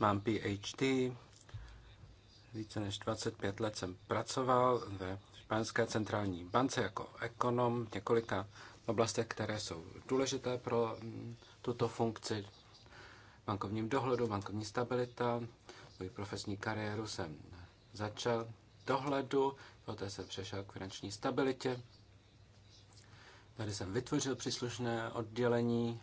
mám PhD, více než 25 let jsem pracoval ve Španělské centrální bance jako ekonom několika oblastech, které jsou důležité pro mm, tuto funkci. Bankovním dohledu, bankovní stabilita, Můj profesní kariéru jsem začal dohledu, poté jsem přešel k finanční stabilitě. Tady jsem vytvořil příslušné oddělení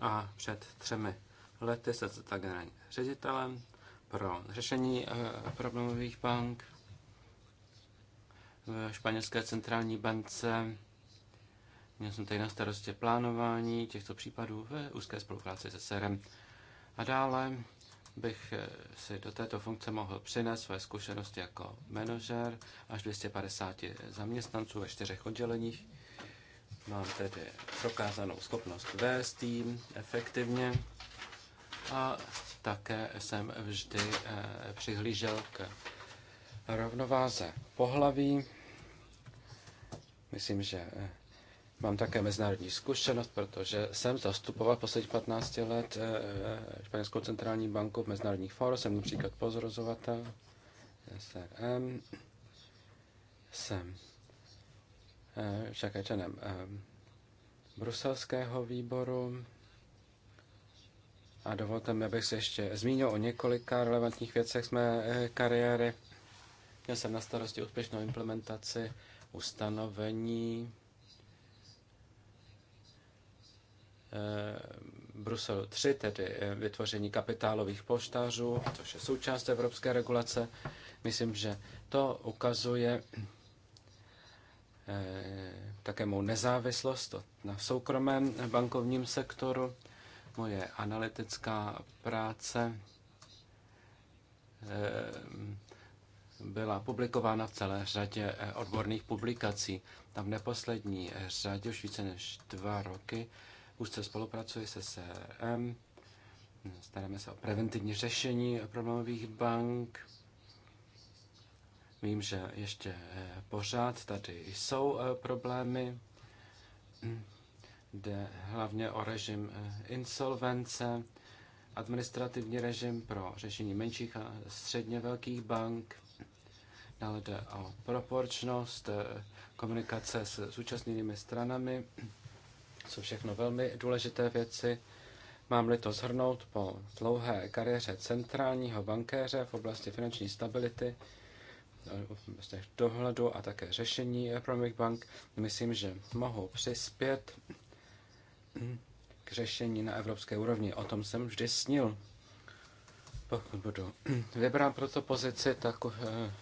a před třemi lety jsem se tak generálním ředitelem pro řešení eh, problémových bank v španělské centrální bance. Měl jsem tady na starostě plánování těchto případů ve úzké spolupráci se SERem. A dále bych eh, si do této funkce mohl přinést své zkušenosti jako manažer až 250 zaměstnanců ve čtyřech odděleních. Mám tedy prokázanou schopnost vést tým efektivně a také jsem vždy eh, přihlížel k rovnováze pohlaví. Myslím, že eh, mám také mezinárodní zkušenost, protože jsem zastupoval posledních 15 let eh, eh, Španělskou centrální banku v mezinárodních fórech. Jsem například pozorovatel SRM. Jsem však členem bruselského výboru. A dovolte mi, abych se ještě zmínil o několika relevantních věcech z mé kariéry. Měl jsem na starosti úspěšnou implementaci ustanovení eh, Bruselu 3, tedy eh, vytvoření kapitálových poštářů, což je součást evropské regulace. Myslím, že to ukazuje eh, také mou nezávislost na soukromém bankovním sektoru. Moje analytická práce byla publikována v celé řadě eh, odborných publikací. Tam v neposlední řadě už více než dva roky už se spolupracuje se SEM, staráme se o preventivní řešení problémových bank. Vím, že ještě eh, pořád tady jsou eh, problémy. Jde hlavně o režim insolvence, administrativní režim pro řešení menších a středně velkých bank, Dále jde o proporčnost eh, komunikace s zúčastněnými stranami. Jsou všechno velmi důležité věci. Mám-li to zhrnout po dlouhé kariéře centrálního bankéře v oblasti finanční stability, eh, z těch dohledu a také řešení Promic Bank, myslím, že mohou přispět k řešení na evropské úrovni. O tom jsem vždy snil. Pokud budu vybrán pro tu pozici, tak eh,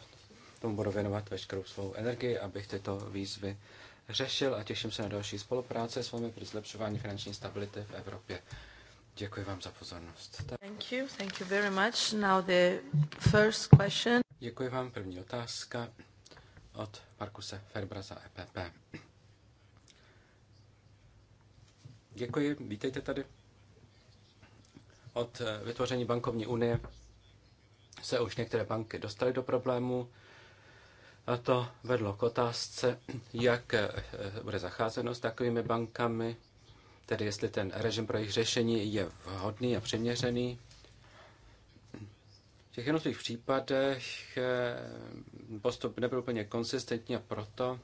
tomu budu věnovat veškerou svou energii, abych tyto výzvy řešil a těším se na další spolupráce s vámi při zlepšování finanční stability v Evropě. Děkuji vám za pozornost. Thank you, thank you very much. Now the first question. Děkuji vám. První otázka od Markuse Ferbra za EPP. Děkuji, vítejte tady. Od eh, vytvoření bankovní unie se už některé banky dostaly do problému. A to vedlo k otázce, jak eh, bude zacházeno s takovými bankami, tedy jestli ten režim pro jejich řešení je vhodný a přiměřený. V těch jednotlivých případech eh, postup nebyl úplně konsistentní a proto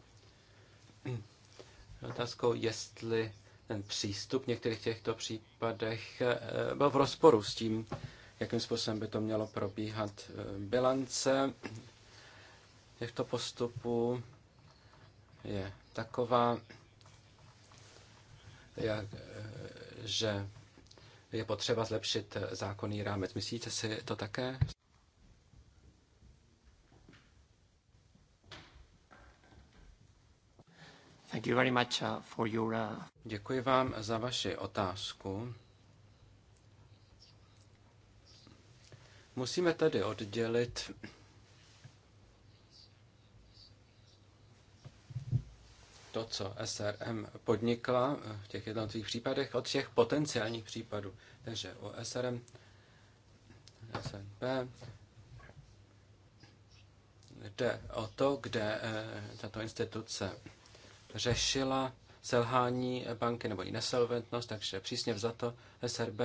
otázkou, jestli ten přístup v některých těchto případech eh, byl v rozporu s tím, jakým způsobem by to mělo probíhat bilance těchto postupů je taková, jak, že je potřeba zlepšit zákonný rámec. Myslíte si to také? Thank you very much uh, for your... Uh, Děkuji vám za vaši otázku. Musíme tady oddělit to, co SRM podnikla v těch jednotlivých případech, od těch potenciálních případů. Takže o SRM, SNP, jde o to, kde eh, tato instituce řešila selhání banky nebo i nesolventnost, takže přísně vzato SRB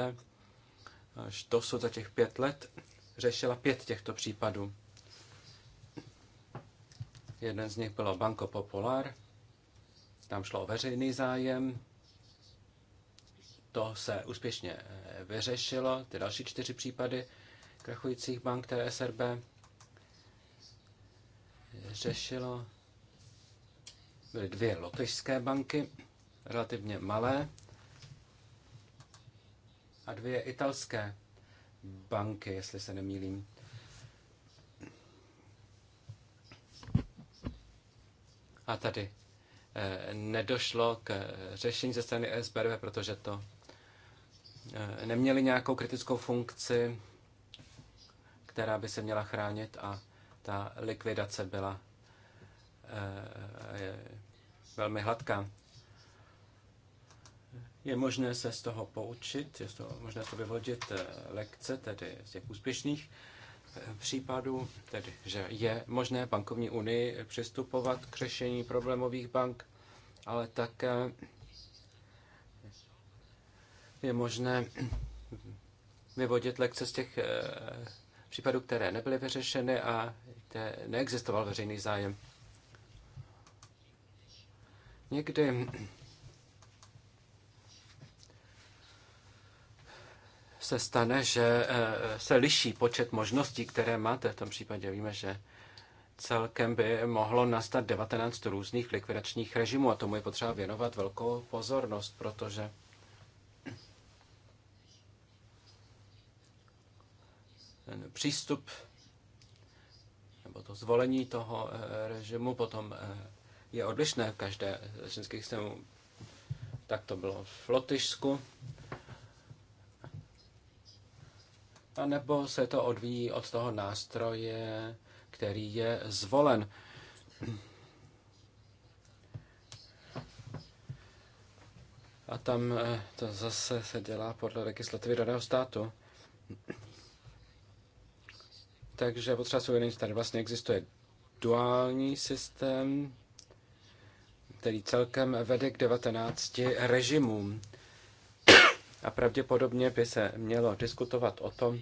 až dosud za těch pět let řešila pět těchto případů. Jeden z nich bylo Banco Popular, tam šlo o veřejný zájem. To se úspěšně eh, vyřešilo. Ty další čtyři případy krachujících bank, které SRB řešilo, byly dvě lotyšské banky, relativně malé, a dvě italské banky, jestli se nemýlím. A tady nedošlo k řešení ze strany SBRV, protože to eh, neměli nějakou kritickou funkci, která by se měla chránit a ta likvidace byla eh, velmi hladká. Je možné se z toho poučit, je z toho možné se vyvodit eh, lekce, tedy z těch úspěšných případů, tedy že je možné bankovní unii přistupovat k řešení problémových bank, ale také je možné vyvodit lekce z těch eh, případů, které nebyly vyřešeny a kde neexistoval veřejný zájem. Někdy se stane, že eh, se liší počet možností, které máte. V tom případě víme, že celkem by mohlo nastat 19 různých likvidačních režimů a tomu je potřeba věnovat velkou pozornost, protože ten přístup nebo to zvolení toho eh, režimu potom eh, je odlišné v každé ženských systému. Tak to bylo v Lotyšsku, nebo se to odvíjí od toho nástroje, který je zvolen. A tam eh, to zase se dělá podle legislativy daného státu. Takže potřeba si uvědomit, že tady vlastně existuje duální systém, který celkem vede k 19 režimům. A pravděpodobně by se mělo diskutovat o tom,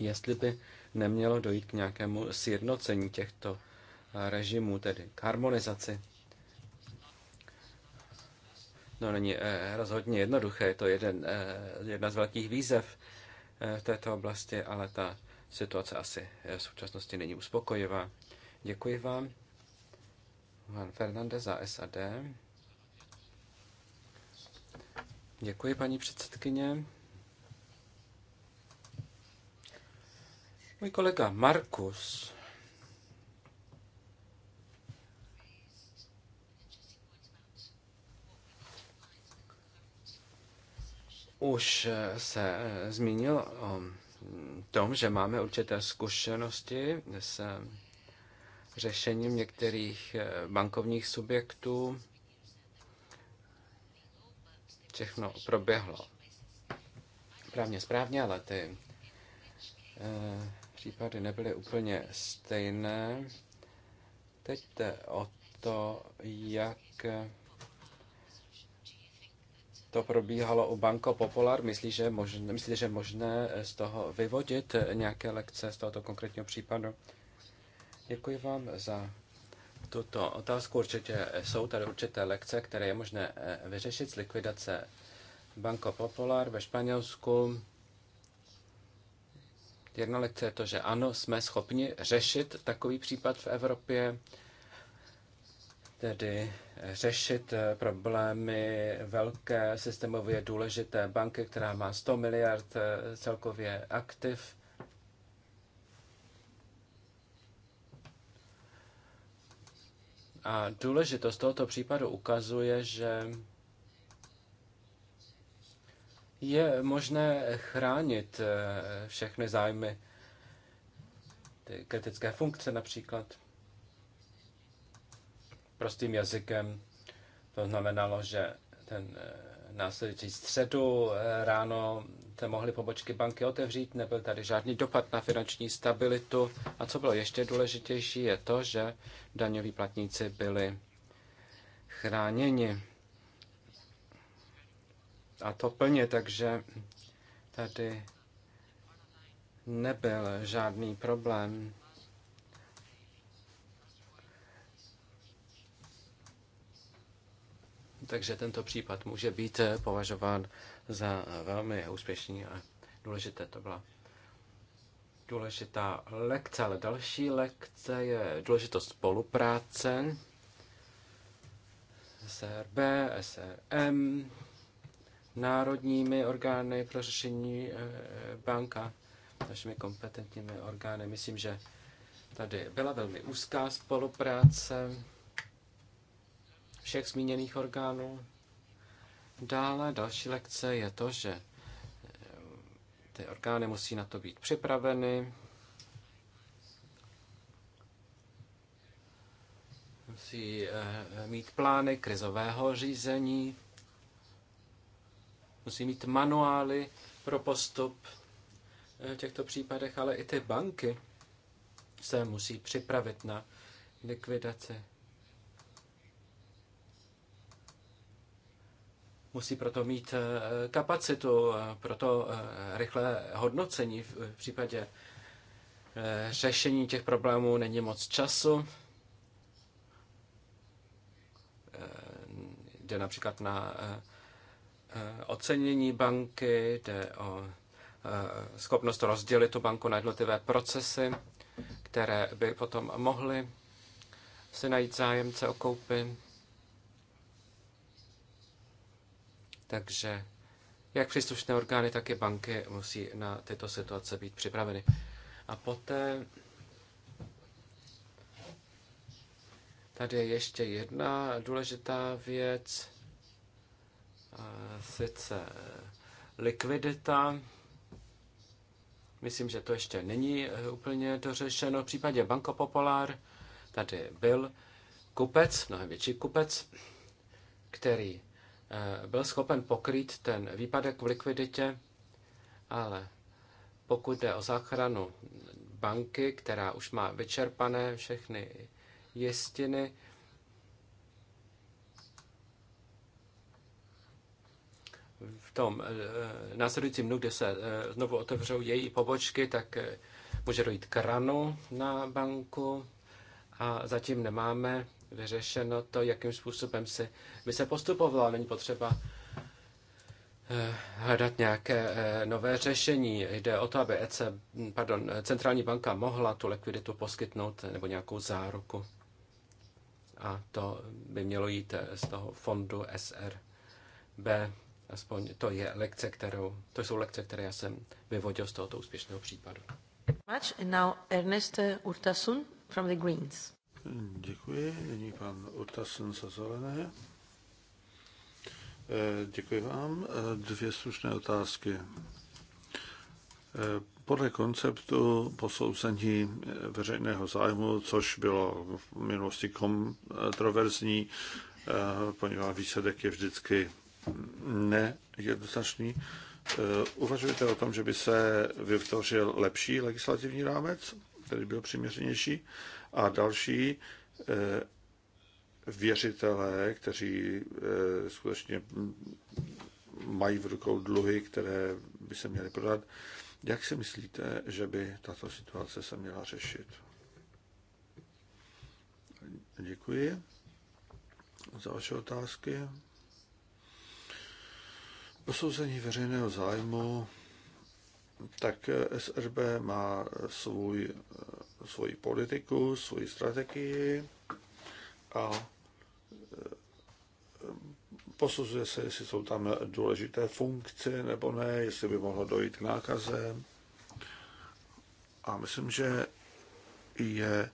jestli by nemělo dojít k nějakému sjednocení těchto eh, režimů, tedy k harmonizaci. No není eh, rozhodně jednoduché, je to jeden, eh, jedna z velkých výzev v této oblasti, ale ta situace asi v současnosti není uspokojivá. Děkuji vám, Juan Fernández, za SAD. Děkuji, paní předsedkyně. Můj kolega Markus už se zmínil o tom, že máme určité zkušenosti s řešením některých bankovních subjektů všechno proběhlo právně správně, ale ty eh, případy nebyly úplně stejné. Teď jde o to, jak to probíhalo u Banco Popular. Myslí, že možné, myslíte, že možné z toho vyvodit nějaké lekce z tohoto konkrétního případu? Děkuji vám za tuto otázku. Určitě jsou tady určité lekce, které je možné eh, vyřešit z likvidace Banco Popular ve Španělsku. Jedna lekce je to, že ano, jsme schopni řešit takový případ v Evropě, tedy řešit eh, problémy velké systémově důležité banky, která má 100 miliard eh, celkově aktiv A důležitost tohoto případu ukazuje, že je možné chránit eh, všechny zájmy, ty kritické funkce například. Prostým jazykem to znamenalo, že ten eh, následující středu eh, ráno mohly pobočky banky otevřít, nebyl tady žádný dopad na finanční stabilitu. A co bylo ještě důležitější, je to, že daňoví platníci byli chráněni. A to plně, takže tady nebyl žádný problém. Takže tento případ může být považován za velmi úspěšný a důležité to byla důležitá lekce, ale další lekce je důležitost spolupráce SRB, SRM, národními orgány pro řešení eh, banka, našimi kompetentními orgány. Myslím, že tady byla velmi úzká spolupráce všech zmíněných orgánů. Dále další lekce je to, že eh, ty orgány musí na to být připraveny, musí eh, mít plány krizového řízení, musí mít manuály pro postup v eh, těchto případech, ale i ty banky se musí připravit na likvidaci Musí proto mít eh, kapacitu eh, pro to eh, rychlé hodnocení v případě řešení těch problémů není moc času. Jde například na ocenění banky, jde o schopnost rozdělit tu banku na jednotlivé procesy, které by potom mohly si najít zájemce o koupy. Takže jak příslušné orgány, tak i banky musí na tyto situace být připraveny. A poté tady je ještě jedna důležitá věc, sice likvidita. Myslím, že to ještě není úplně dořešeno. V případě Banco Popular tady byl kupec, mnohem větší kupec, který Eh, byl schopen pokrýt ten výpadek v likviditě, ale pokud jde o záchranu banky, která už má vyčerpané všechny jistiny, v tom eh, eh, následujícím dnu, kdy se znovu otevřou její pobočky, tak může dojít k ranu na banku a zatím nemáme vyřešeno to, jakým způsobem si by se postupovalo. Není potřeba eh, hledat nějaké eh, nové řešení. Jde o to, aby EC, pardon, centrální banka mohla tu likviditu poskytnout nebo nějakou záruku. A to by mělo jít eh, z toho fondu SRB. Aspoň to je lekce, kterou, to jsou lekce, které já jsem vyvodil z tohoto úspěšného případu. Much. And now Ernest Urtasun from the Greens. Děkuji. Nyní pan Urtasen za zelené. Eh, děkuji vám. Eh, dvě slušné otázky. Eh, podle konceptu posouzení veřejného zájmu, což bylo v minulosti kontroverzní, poněvadž výsledek je vždycky nejednoznačný, uvažujete o tom, že by se vytvořil lepší legislativní rámec, který byl přiměřenější? A další eh, věřitelé, kteří eh, skutečně mají v rukou dluhy, které by se měly prodat, jak si myslíte, že by tato situace se měla řešit? Děkuji za vaše otázky. Posouzení veřejného zájmu. Tak eh, SRB má svůj svoji politiku, svoji strategii a e, posuzuje se, jestli jsou tam důležité funkce nebo ne, jestli by mohlo dojít k nákaze. A myslím, že je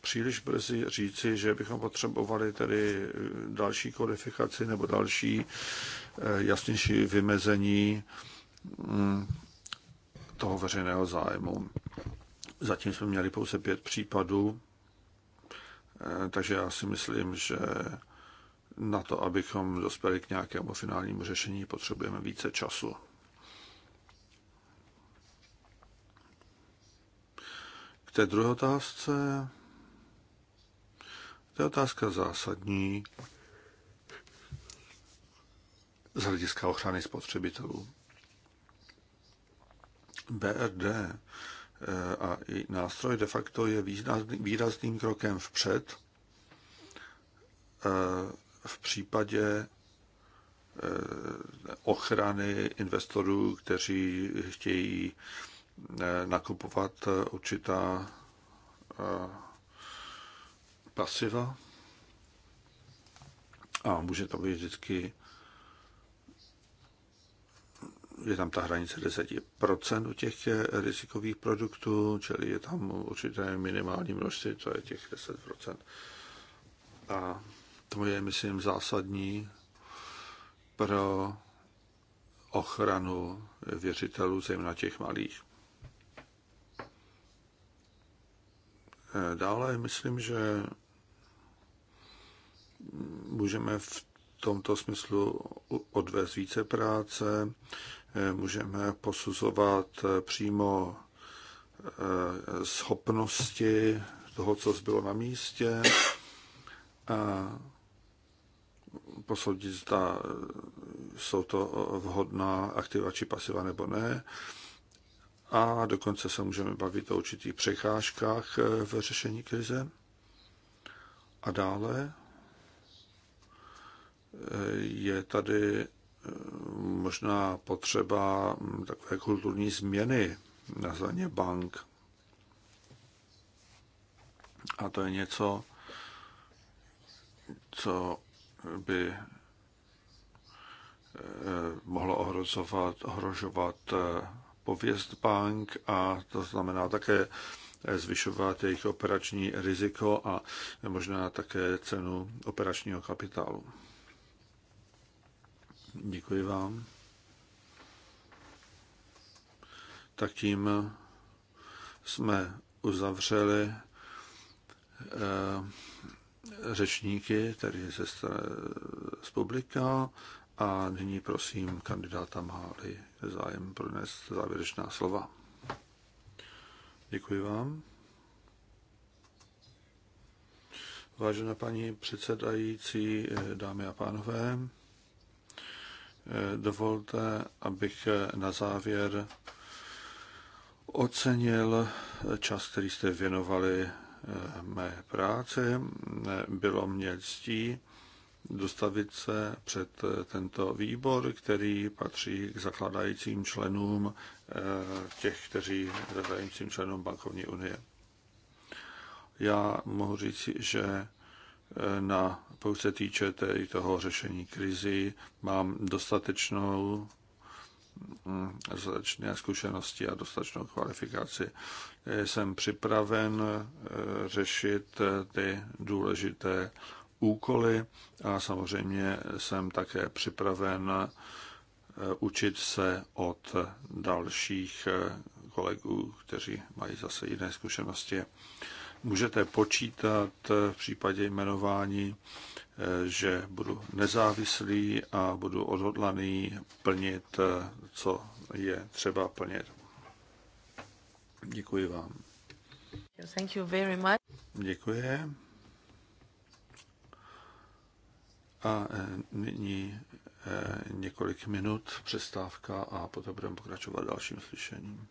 příliš brzy říci, že bychom potřebovali tedy další kodifikaci nebo další e, jasnější vymezení mm, toho veřejného zájmu. Zatím jsme měli pouze pět případů, eh, takže já si myslím, že na to, abychom dospěli k nějakému finálnímu řešení, potřebujeme více času. K té druhé otázce, to je otázka zásadní z hlediska ochrany spotřebitelů. BRD a i nástroj de facto je výrazným krokem vpřed e, v případě e, ochrany investorů, kteří chtějí e, nakupovat určitá pasiva. A může to být vždycky je tam ta hranice 10% u těch eh, rizikových produktů, čili je tam určité minimální množství, to je těch 10%. A to je, myslím, zásadní pro ochranu věřitelů, zejména těch malých. Eh, dále myslím, že můžeme v tomto smyslu odvést více práce. Eh, můžeme posuzovat eh, přímo eh, schopnosti toho, co zbylo na místě a posoudit, zda jsou to vhodná aktiva či pasiva nebo ne. A dokonce se můžeme bavit o určitých překážkách v řešení krize. A dále je tady eh, možná potřeba mm, takové kulturní změny na straně bank. A to je něco, co by eh, mohlo ohrozovat, ohrožovat eh, pověst bank a to znamená také zvyšovat jejich operační riziko a možná také cenu operačního kapitálu. Děkuji vám. Tak tím jsme uzavřeli eh, řečníky, tedy ze z publika a nyní prosím kandidáta Máli zájem pronést závěrečná slova. Děkuji vám. Vážená paní předsedající, eh, dámy a pánové, Dovolte, abych na závěr ocenil čas, který jste věnovali eh, mé práci. Bylo mě ctí dostavit se před eh, tento výbor, který patří k zakladajícím členům eh, těch, kteří zakladajícím členům bankovní unie. Já mohu říct, že na, pokud se týče tedy toho řešení krizi, mám dostatečnou mm, dostatečné zkušenosti a dostatečnou kvalifikaci. Jsem připraven eh, řešit eh, ty důležité úkoly a samozřejmě jsem také připraven eh, učit se od dalších kolegů, kteří mají zase jiné zkušenosti můžete počítat v případě jmenování, eh, že budu nezávislý a budu odhodlaný plnit, eh, co je třeba plnit. Děkuji vám. Thank you very much. Děkuji. A eh, nyní několik minut přestávka a potom budeme pokračovat dalším slyšením.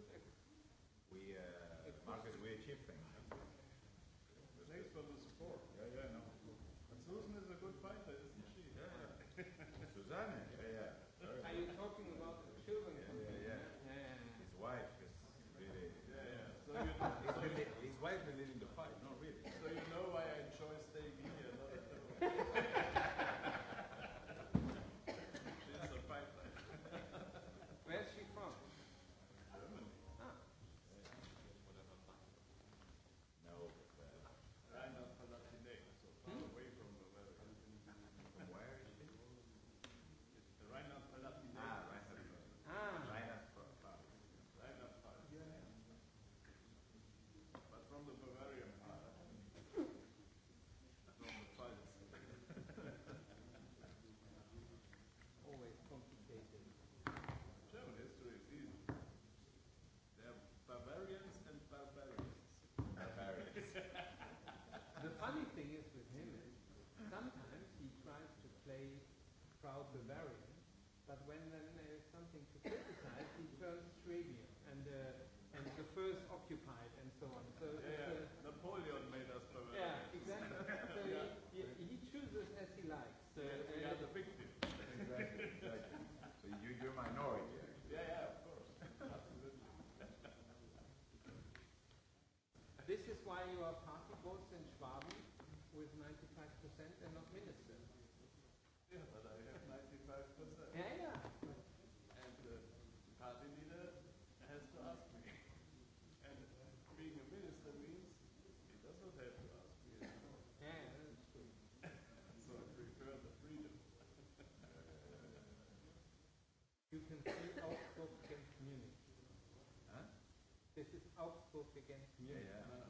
good trick. We, uh, Marcus, we achieved things. Thanks for the support. Yeah, yeah, no. And Susan is a good fighter, isn't she? Yeah, yeah. Susanne, yeah, yeah. why your party votes in Schwaben with 95% and not ministers. Yeah, but I have 95%. Yeah, yeah. And the party leader has to ask me. And uh, being a minister means he does not have to ask me anymore. Yeah, yeah that's true. so I prefer the freedom. you can see Augsburg against Munich. Huh? This is Augsburg against Munich. Yeah, yeah. Uh,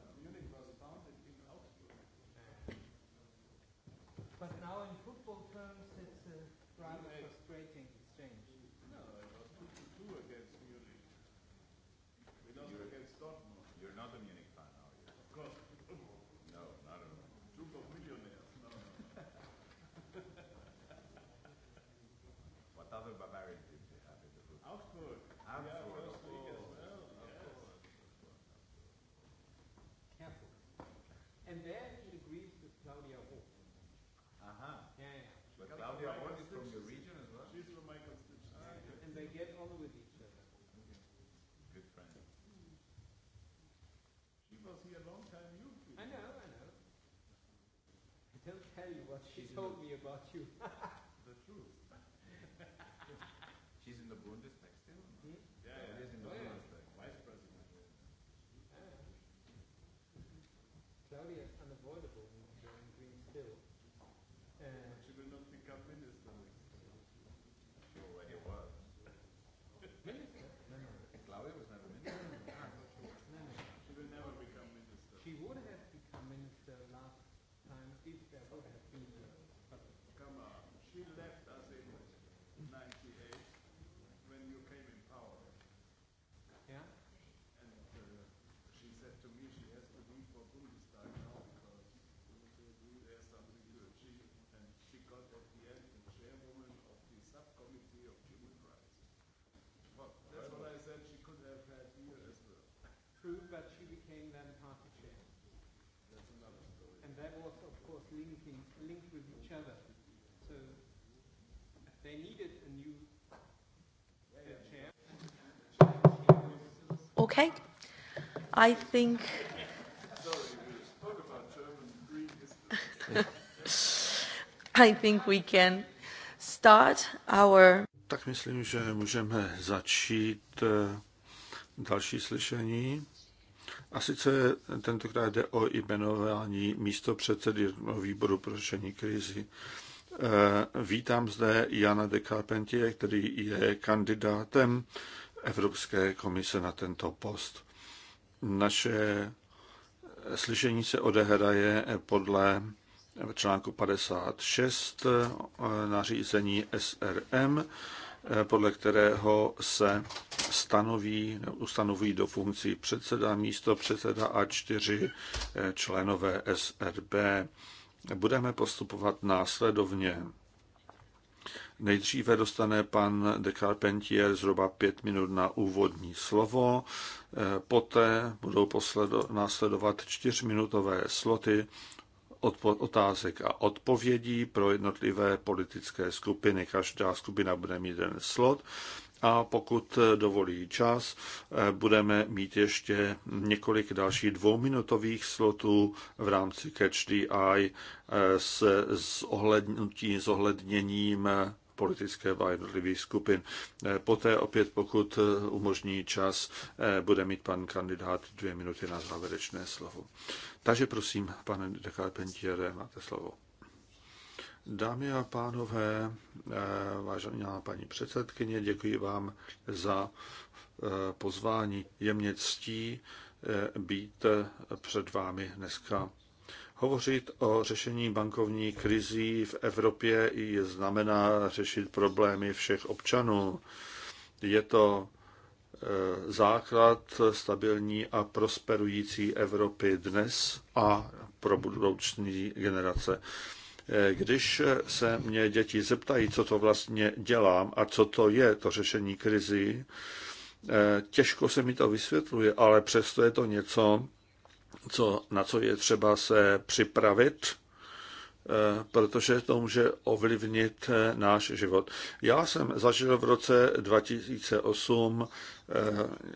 she told me about you. the truth. She's in the Bundestag still? No? Hmm? Yeah, yeah. Oh, yeah. linking, linked with each other. So they needed a new uh, chair. Okay. I think. I think we can start our... Tak myslím, že můžeme začít eh, další slyšení. A sice tentokrát jde o jmenování místo předsedy výboru pro řešení krizi. Eh, vítám zde Jana de Carpentier, který je kandidátem Evropské komise na tento post. Naše slyšení se odehraje podle článku 56 eh, nařízení SRM podle kterého se stanoví, ustanoví do funkcí předseda, místo předseda a čtyři eh, členové SRB. Budeme postupovat následovně. Nejdříve dostane pan de Carpentier zhruba pět minut na úvodní slovo, eh, poté budou následovat čtyřminutové sloty otázek a odpovědí pro jednotlivé politické skupiny. Každá skupina bude mít jeden slot a pokud dovolí čas, eh, budeme mít ještě několik dalších dvouminutových slotů v rámci Catch the Eye eh, s, s ohlednutí, s ohledněním politické a jednotlivých skupin. Eh, poté opět, pokud umožní čas, bude mít pan kandidát dvě minuty na závěrečné slovo. Takže prosím, pane Dekale Pentiere, máte slovo. Dámy a pánové, eh, vážená paní předsedkyně, děkuji vám za eh, pozvání. Je mě ctí eh, být před vámi dneska. Hovořit o řešení bankovní krizí v Evropě je znamená řešit problémy všech občanů. Je to Eh, základ stabilní a prosperující Evropy dnes a pro budoucí generace. Eh, když se mě děti zeptají, co to vlastně dělám a co to je to řešení krizi, eh, těžko se mi to vysvětluje, ale přesto je to něco, co, na co je třeba se připravit, protože to může ovlivnit náš život. Já jsem zažil v roce 2008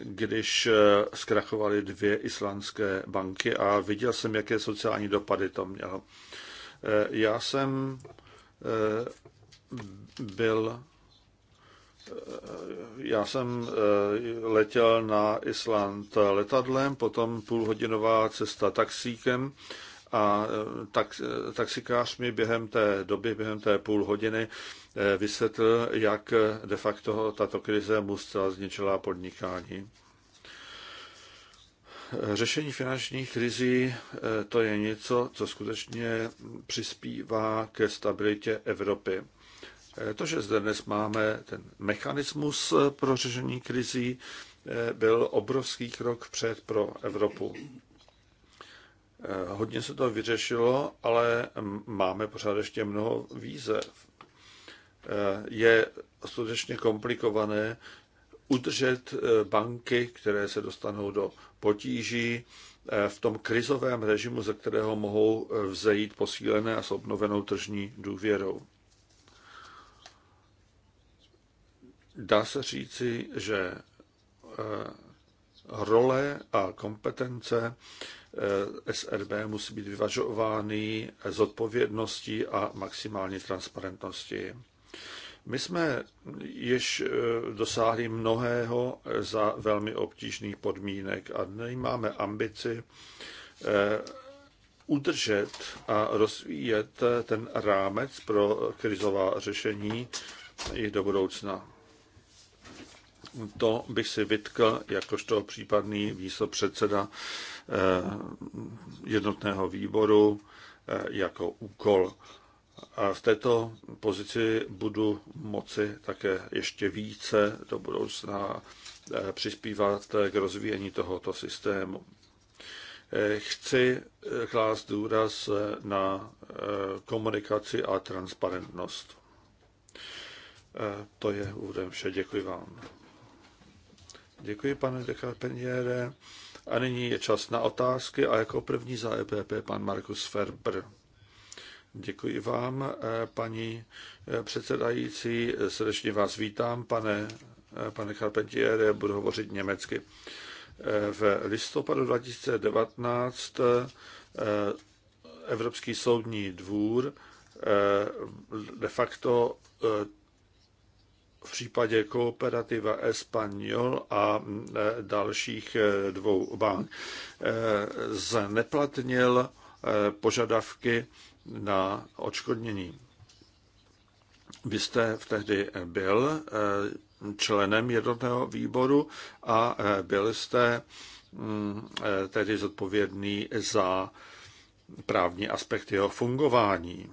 když eh, zkrachovaly dvě islandské banky a viděl jsem, jaké sociální dopady to mělo. Eh, já jsem eh, byl já jsem letěl na Island letadlem, potom půlhodinová cesta taxíkem a tak, taxikář mi během té doby, během té půl hodiny Eh, vysvětlil, jak de facto tato krize mu zcela zničila podnikání. Řešení finančních krizí eh, to je něco, co skutečně přispívá ke stabilitě Evropy. Eh, to, že zde dnes máme ten mechanismus pro řešení krizí, byl obrovský krok před pro Evropu. Hodně se to vyřešilo, ale máme pořád ještě mnoho výzev. Eh, je skutečně komplikované udržet eh, banky, které se dostanou do potíží eh, v tom krizovém režimu, ze kterého mohou vzejít posílené a s obnovenou tržní důvěrou. Dá se říci, že role a kompetence SRB musí být vyvažovány zodpovědností a maximální transparentností. My jsme již e, dosáhli mnohého za velmi obtížných podmínek a nyní máme ambici e, udržet a rozvíjet ten rámec pro krizová řešení i do budoucna. To bych si vytkl jakožto případný předseda e, jednotného výboru jako úkol. A v této pozici budu moci také ještě více do budoucna eh, přispívat k rozvíjení tohoto systému. Eh, chci eh, klást důraz na komunikaci a transparentnost. To je úvodem vše. Děkuji vám. Děkuji, pane dekarpeniére. A nyní je čas na otázky a jako první za EPP pan Markus Ferber. Děkuji vám, eh, paní eh, předsedající. Srdečně vás vítám, pane, eh, pane Carpentiere, budu hovořit německy. V listopadu 2019 Evropský soudní dvůr de facto v případě Kooperativa Espanol a dalších dvou bank zneplatnil požadavky na očkodnění. Vy jste v tehdy byl eh, členem jednotného výboru a eh, byl jste mm, eh, tedy zodpovědný za právní aspekt jeho fungování.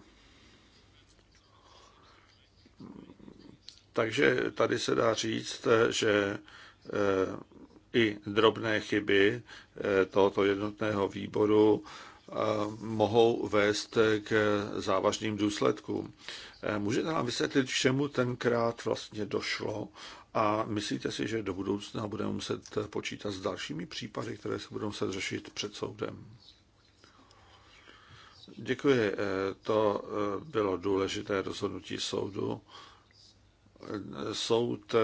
Takže tady se dá říct, že i drobné chyby tohoto jednotného výboru mohou vést k závažným důsledkům. Můžete nám vysvětlit, čemu tenkrát vlastně došlo a myslíte si, že do budoucna budeme muset počítat s dalšími případy, které se budou muset řešit před soudem? Děkuji. To bylo důležité rozhodnutí soudu. Soud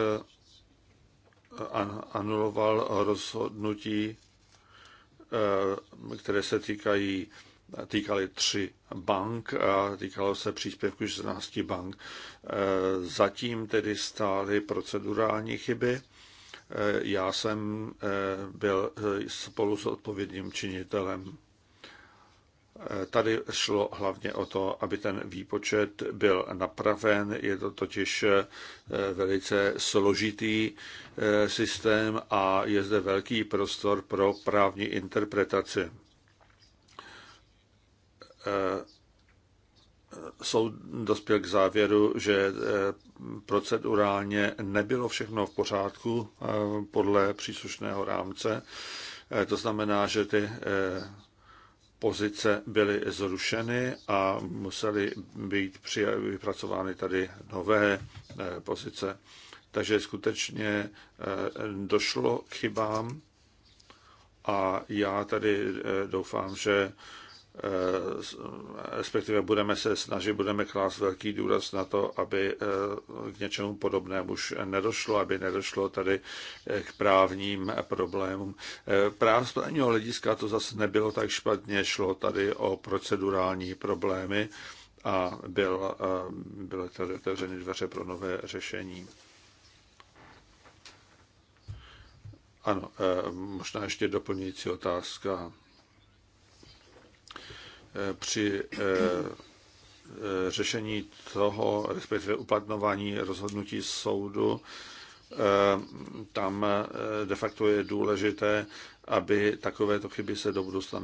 anuloval rozhodnutí Eh, které se týkají týkaly tři bank a týkalo se příspěvku 16 bank. Eh, zatím tedy stály procedurální chyby. Eh, já jsem byl spolu s odpovědným činitelem Tady šlo hlavně o to, aby ten výpočet byl napraven. Je to totiž eh, velice složitý eh, systém a je zde velký prostor pro právní interpretaci. Eh, soud dospěl k závěru, že procedurálně nebylo všechno v pořádku podle příslušného rámce. To znamená, že ty pozice byly zrušeny a musely být vypracovány tady nové eh, pozice. Takže skutečně eh, došlo k chybám a já tady eh, doufám, že Eh, respektive budeme se snažit, budeme klást velký důraz na to, aby eh, k něčemu podobnému už nedošlo, aby nedošlo tady eh, k právním problémům. Práv z právního hlediska to zase nebylo tak špatně, šlo tady o procedurální problémy a byl, byly tady otevřeny dveře pro nové řešení. Ano, možná ještě doplňující otázka. Eh, při eh, eh, řešení toho, respektive uplatňování rozhodnutí soudu, tam de facto je důležité, aby takovéto chyby se do budoucna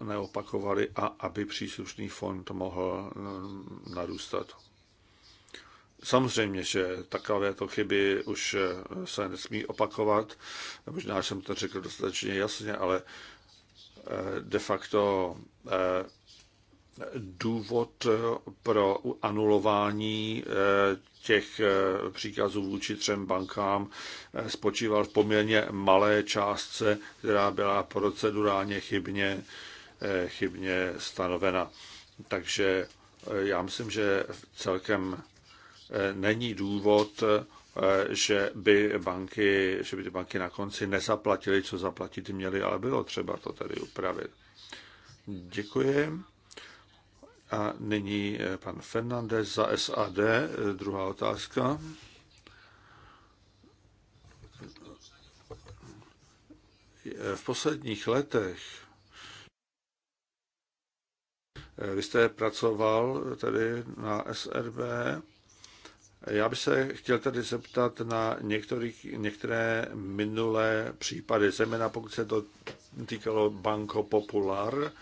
neopakovaly a aby příslušný fond mohl mm, narůstat. Samozřejmě, že takovéto chyby už se nesmí opakovat. Možná jsem to řekl dostatečně jasně, ale de facto důvod eh, pro anulování eh, těch eh, příkazů vůči třem bankám spočíval v poměrně malé částce, která byla procedurálně chybně, chybně stanovena. Takže já myslím, že celkem není důvod, že by, banky, že by ty banky na konci nezaplatili, co zaplatit měly, ale bylo třeba to tedy upravit. Děkuji. A nyní eh, pan Fernandez za SAD, eh, druhá otázka. Eh, v posledních letech vy jste pracoval tedy na SRB. Já bych se chtěl tady zeptat na některých, některé minulé případy, zejména pokud se to týkalo Banco Popular,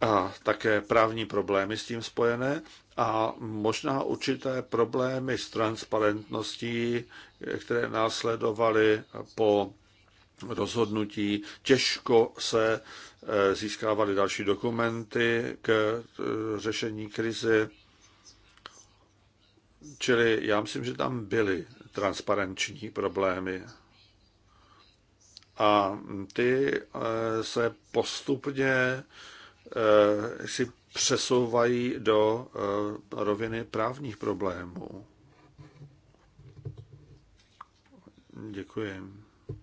a také právní problémy s tím spojené a možná určité problémy s transparentností, které následovaly po rozhodnutí. Těžko se eh, získávaly další dokumenty k eh, řešení krizi. Čili já myslím, že tam byly transparenční problémy. A ty eh, se postupně Eh, si přesouvají do eh, roviny právních problémů. Děkuji. Eh,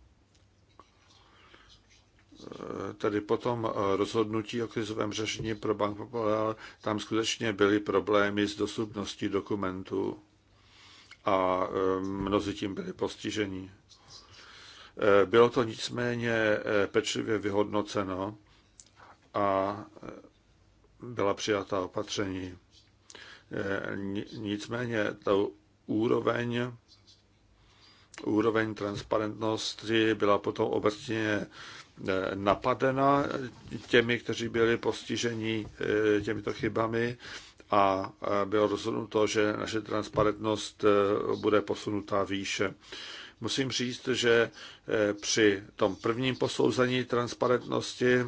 Tady potom rozhodnutí o krizovém řešení pro Bank Popular, tam skutečně byly problémy s dostupností dokumentů a mnozí tím byli postiženi. Bylo to nicméně pečlivě vyhodnoceno a byla přijata opatření. Nicméně to úroveň úroveň transparentnosti byla potom obecně e, napadena těmi, kteří byli postiženi e, těmito chybami a e, bylo rozhodnuto, že naše transparentnost bude posunutá výše. Musím říct, že při tom prvním posouzení transparentnosti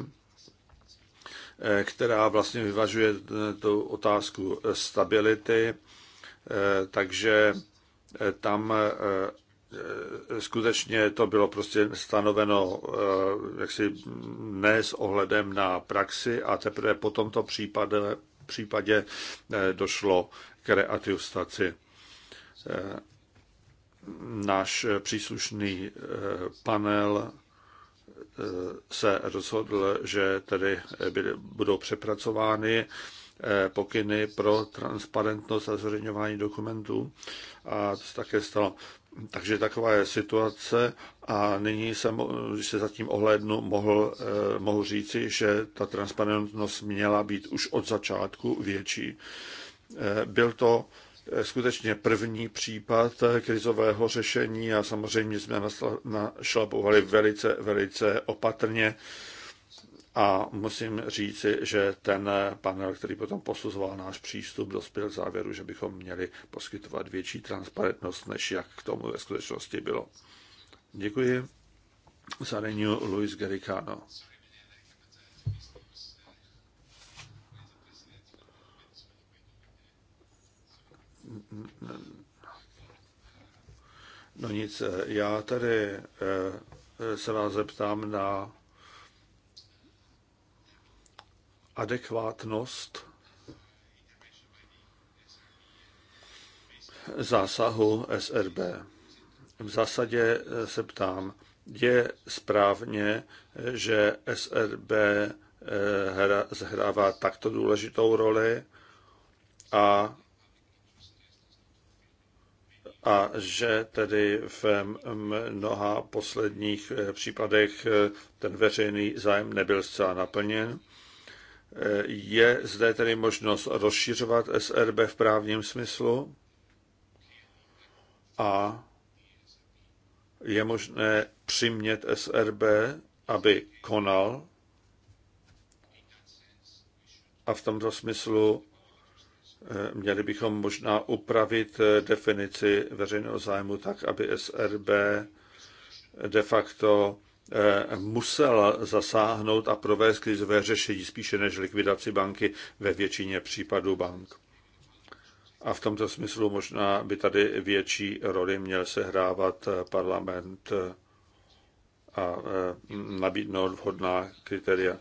Eh, která vlastně vyvažuje eh, tu otázku eh, stability, takže tam skutečně to bylo prostě stanoveno jaksi ne s ohledem na praxi a teprve po tomto případě, případě došlo k reatiustaci. Náš příslušný panel se rozhodl, že tedy budou přepracovány eh, pokyny pro transparentnost a zveřejňování dokumentů a to se také stalo. Takže taková je situace a nyní jsem, když se zatím ohlédnu, mohl, eh, mohu říci, že ta transparentnost měla být už od začátku větší. Eh, byl to skutečně první případ krizového řešení a samozřejmě jsme našlapovali velice, velice opatrně. A musím říci, že ten panel, který potom posuzoval náš přístup, dospěl k závěru, že bychom měli poskytovat větší transparentnost, než jak k tomu ve skutečnosti bylo. Děkuji. Zareňu Luis Gericano. No nic, já tady eh, se vás zeptám na adekvátnost zásahu SRB. V zásadě eh, se ptám, je správně, že SRB eh, hra, zhrává takto důležitou roli a a že tedy v mnoha posledních eh, případech eh, ten veřejný zájem nebyl zcela naplněn. Eh, je zde tedy možnost rozšiřovat SRB v právním smyslu a je možné přimět SRB, aby konal. A v tomto smyslu Eh, měli bychom možná upravit eh, definici veřejného zájmu tak, aby SRB de facto eh, musel zasáhnout a provést krizové řešení spíše než likvidaci banky ve většině případů bank. A v tomto smyslu možná by tady větší roli měl sehrávat parlament a nabídnout vhodná kritéria.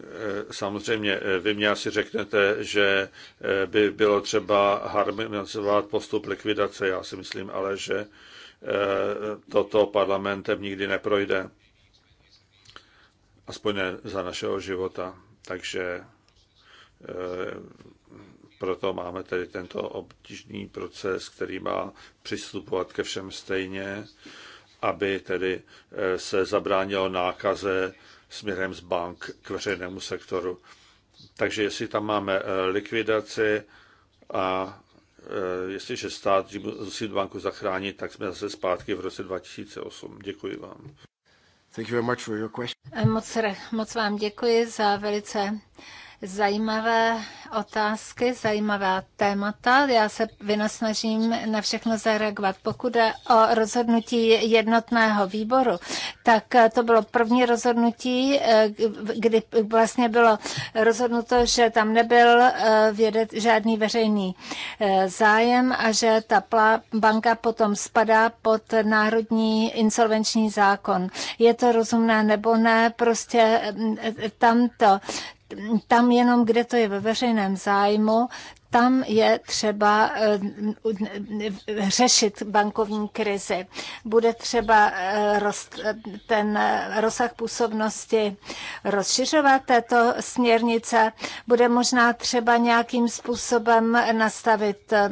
Eh, samozřejmě, eh, vy mě asi řeknete, že eh, by bylo třeba harmonizovat postup likvidace. Já si myslím ale, že toto parlamentem nikdy neprojde. Aspoň ne za našeho života. Takže proto máme tedy tento obtížný proces, který má přistupovat ke všem stejně, aby tedy se zabránilo nákaze směrem z bank k veřejnému sektoru. Takže jestli tam máme eh, likvidaci a eh, jestliže stát musí banku zachránit, tak jsme zase zpátky v roce 2008. Děkuji vám. Thank you very much for your question. Eh, moc, moc vám děkuji za velice zajímavé otázky, zajímavá témata. Já se vynasnažím na všechno zareagovat. Pokud je o rozhodnutí jednotného výboru, tak to bylo první rozhodnutí, eh, kdy vlastně bylo rozhodnuto, že tam nebyl eh, vědět žádný veřejný eh, zájem a že ta banka potom spadá pod národní insolvenční zákon. Je to rozumné nebo ne, prostě tamto tam jenom, kde to je ve veřejném zájmu, tam je třeba eh, řešit bankovní krizi. Bude třeba eh, ten rozsah působnosti rozšiřovat této směrnice. Bude možná třeba nějakým způsobem nastavit eh,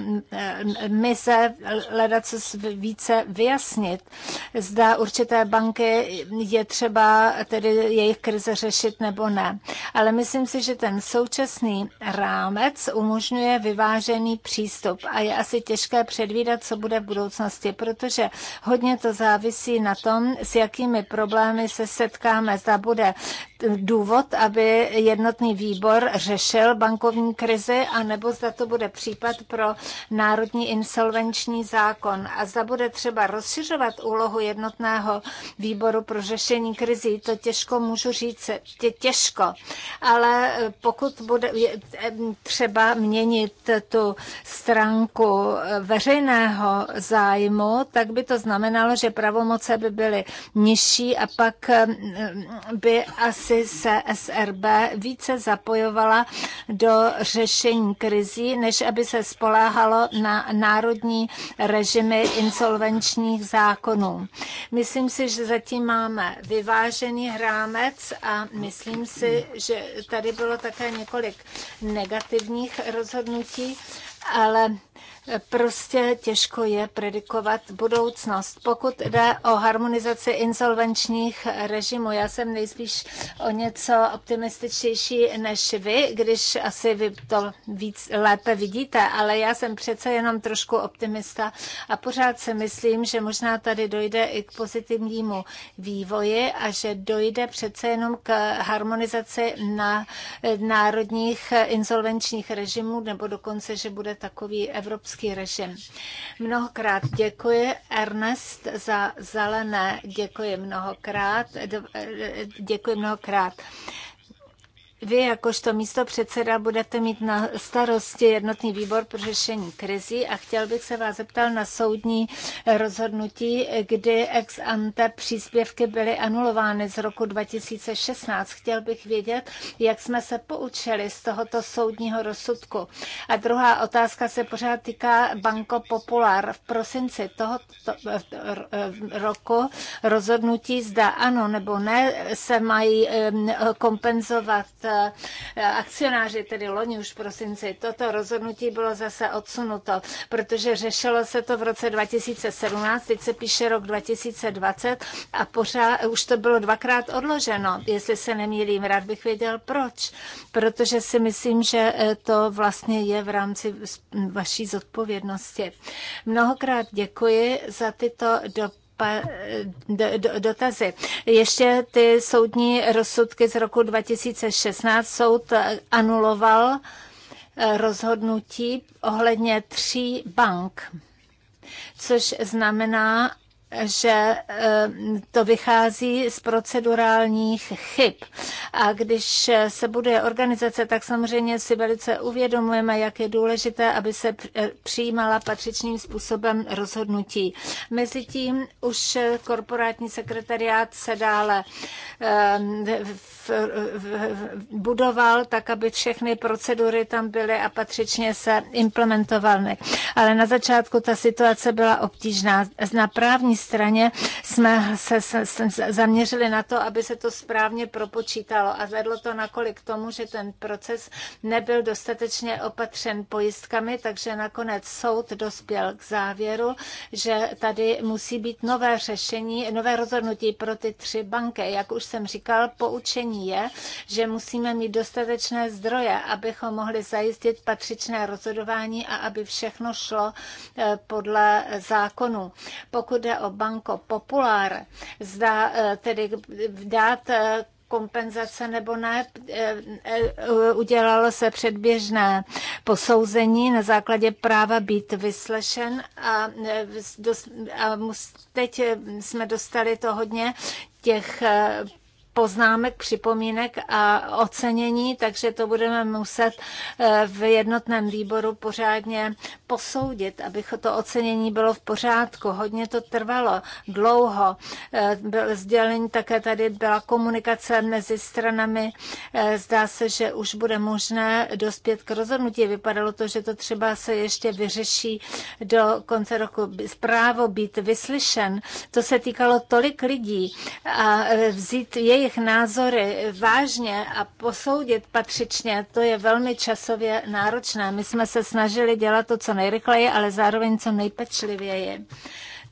mize, leda co více vyjasnit. Zda určité banky je třeba tedy jejich krize řešit nebo ne. Ale myslím si, že ten současný rámec umožňuje je vyvážený přístup a je asi těžké předvídat, co bude v budoucnosti, protože hodně to závisí na tom, s jakými problémy se setkáme. Zda bude důvod, aby jednotný výbor řešil bankovní krizi, anebo zda to bude případ pro národní insolvenční zákon. A zda bude třeba rozšiřovat úlohu jednotného výboru pro řešení krizí, to těžko můžu říct, tě těžko. Ale pokud bude třeba měnit změnit tu stránku veřejného zájmu, tak by to znamenalo, že pravomoce by byly nižší a pak eh, by asi se SRB více zapojovala do řešení krizí, než aby se spoláhalo na národní režimy insolvenčních zákonů. Myslím si, že zatím máme vyvážený rámec a myslím si, že tady bylo také několik negativních rozhodnutí rozhodnutí, ale prostě těžko je predikovat budoucnost. Pokud jde o harmonizaci insolvenčních režimů, já jsem nejspíš o něco optimističtější než vy, když asi vy to víc lépe vidíte, ale já jsem přece jenom trošku optimista a pořád si myslím, že možná tady dojde i k pozitivnímu vývoji a že dojde přece jenom k harmonizaci na eh, národních insolvenčních režimů, nebo dokonce, že bude takový evropský ekonomický režim. Mnohokrát děkuji, Ernest, za zelené. Děkuji mnohokrát. Děkuji mnohokrát. Vy jakožto místo předseda budete mít na starosti jednotný výbor pro řešení krizí a chtěl bych se vás zeptal na soudní rozhodnutí, kdy ex ante příspěvky byly anulovány z roku 2016. Chtěl bych vědět, jak jsme se poučili z tohoto soudního rozsudku. A druhá otázka se pořád týká Banko Popular. V prosinci tohoto eh, roku rozhodnutí zda ano nebo ne se mají eh, kompenzovat eh, Eh, akcionáři, tedy loni už v prosinci, toto rozhodnutí bylo zase odsunuto, protože řešilo se to v roce 2017, teď se píše rok 2020 a pořád eh, už to bylo dvakrát odloženo, jestli se nemýlím. Rád bych věděl, proč. Protože si myslím, že eh, to vlastně je v rámci vaší zodpovědnosti. Mnohokrát děkuji za tyto doplňky dotazy. Ještě ty soudní rozsudky z roku 2016 soud anuloval eh, rozhodnutí ohledně tří bank což znamená že eh, to vychází z procedurálních chyb. A když se bude organizace, tak samozřejmě si velice uvědomujeme, jak je důležité, aby se eh, přijímala patřičným způsobem rozhodnutí. Mezitím už korporátní sekretariát se dále eh, budoval tak, aby všechny procedury tam byly a patřičně se implementovaly. Ale na začátku ta situace byla obtížná. Na právní straně jsme se, se, se zaměřili na to, aby se to správně propočítalo a vedlo to nakolik tomu, že ten proces nebyl dostatečně opatřen pojistkami, takže nakonec soud dospěl k závěru, že tady musí být nové řešení, nové rozhodnutí pro ty tři banky. Jak už jsem říkal, poučení je, že musíme mít dostatečné zdroje, abychom mohli zajistit patřičné rozhodování a aby všechno šlo eh, podle zákonu. Pokud jde o Banco Popular, zda eh, tedy dát eh, kompenzace nebo ne. Eh, udělalo se předběžné posouzení na základě práva být vyslešen a, a teď jsme dostali to hodně těch poznámek, připomínek a ocenění, takže to budeme muset eh, v jednotném výboru pořádně posoudit, aby to ocenění bylo v pořádku. Hodně to trvalo, dlouho. Eh, byl sdělení, také tady byla komunikace mezi stranami. Eh, zdá se, že už bude možné dospět k rozhodnutí. Vypadalo to, že to třeba se ještě vyřeší do konce roku. Právo být vyslyšen, to se týkalo tolik lidí a vzít jejich jejich názory vážně a posoudit patřičně, to je velmi časově náročné. My jsme se snažili dělat to co nejrychleji, ale zároveň co nejpečlivěji.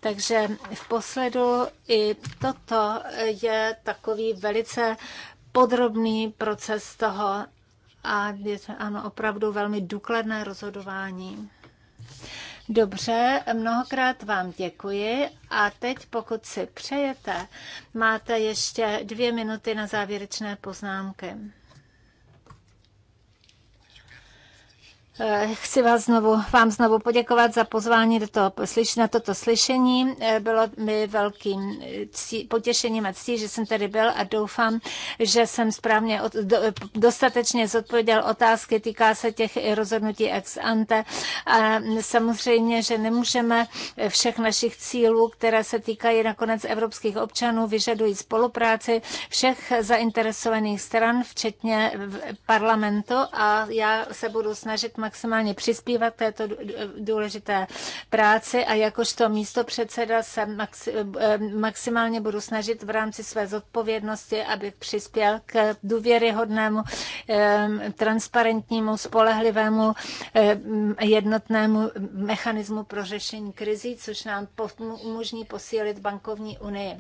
Takže v posledu i toto je takový velice podrobný proces toho a je to ano, opravdu velmi důkladné rozhodování. Dobře, mnohokrát vám děkuji a teď, pokud si přejete, máte ještě dvě minuty na závěrečné poznámky. Eh, chci vás znovu, vám znovu poděkovat za pozvání do toho, na toto slyšení. Eh, bylo mi velkým eh, cí, potěšením a ctí, že jsem tady byl a doufám, že jsem správně od, do, dostatečně zodpověděl otázky. Týká se těch rozhodnutí ex ante. A samozřejmě, že nemůžeme všech našich cílů, které se týkají nakonec evropských občanů, vyžadují spolupráci všech zainteresovaných stran, včetně parlamentu a já se budu snažit maximálně přispívat k této důležité práci a jakožto místo předseda se eh, maximálně budu snažit v rámci své zodpovědnosti, abych přispěl k důvěryhodnému, eh, transparentnímu, spolehlivému, eh, jednotnému mechanismu pro řešení krizí, což nám umožní posílit bankovní unii.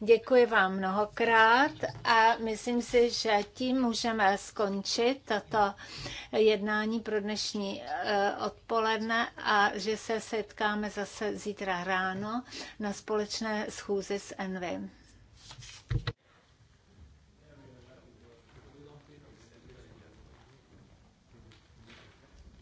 Děkuji vám mnohokrát a myslím si, že tím můžeme skončit toto jednání pro dnešní dnešní eh, odpoledne a že se setkáme zase zítra ráno na společné schůzi s Envy.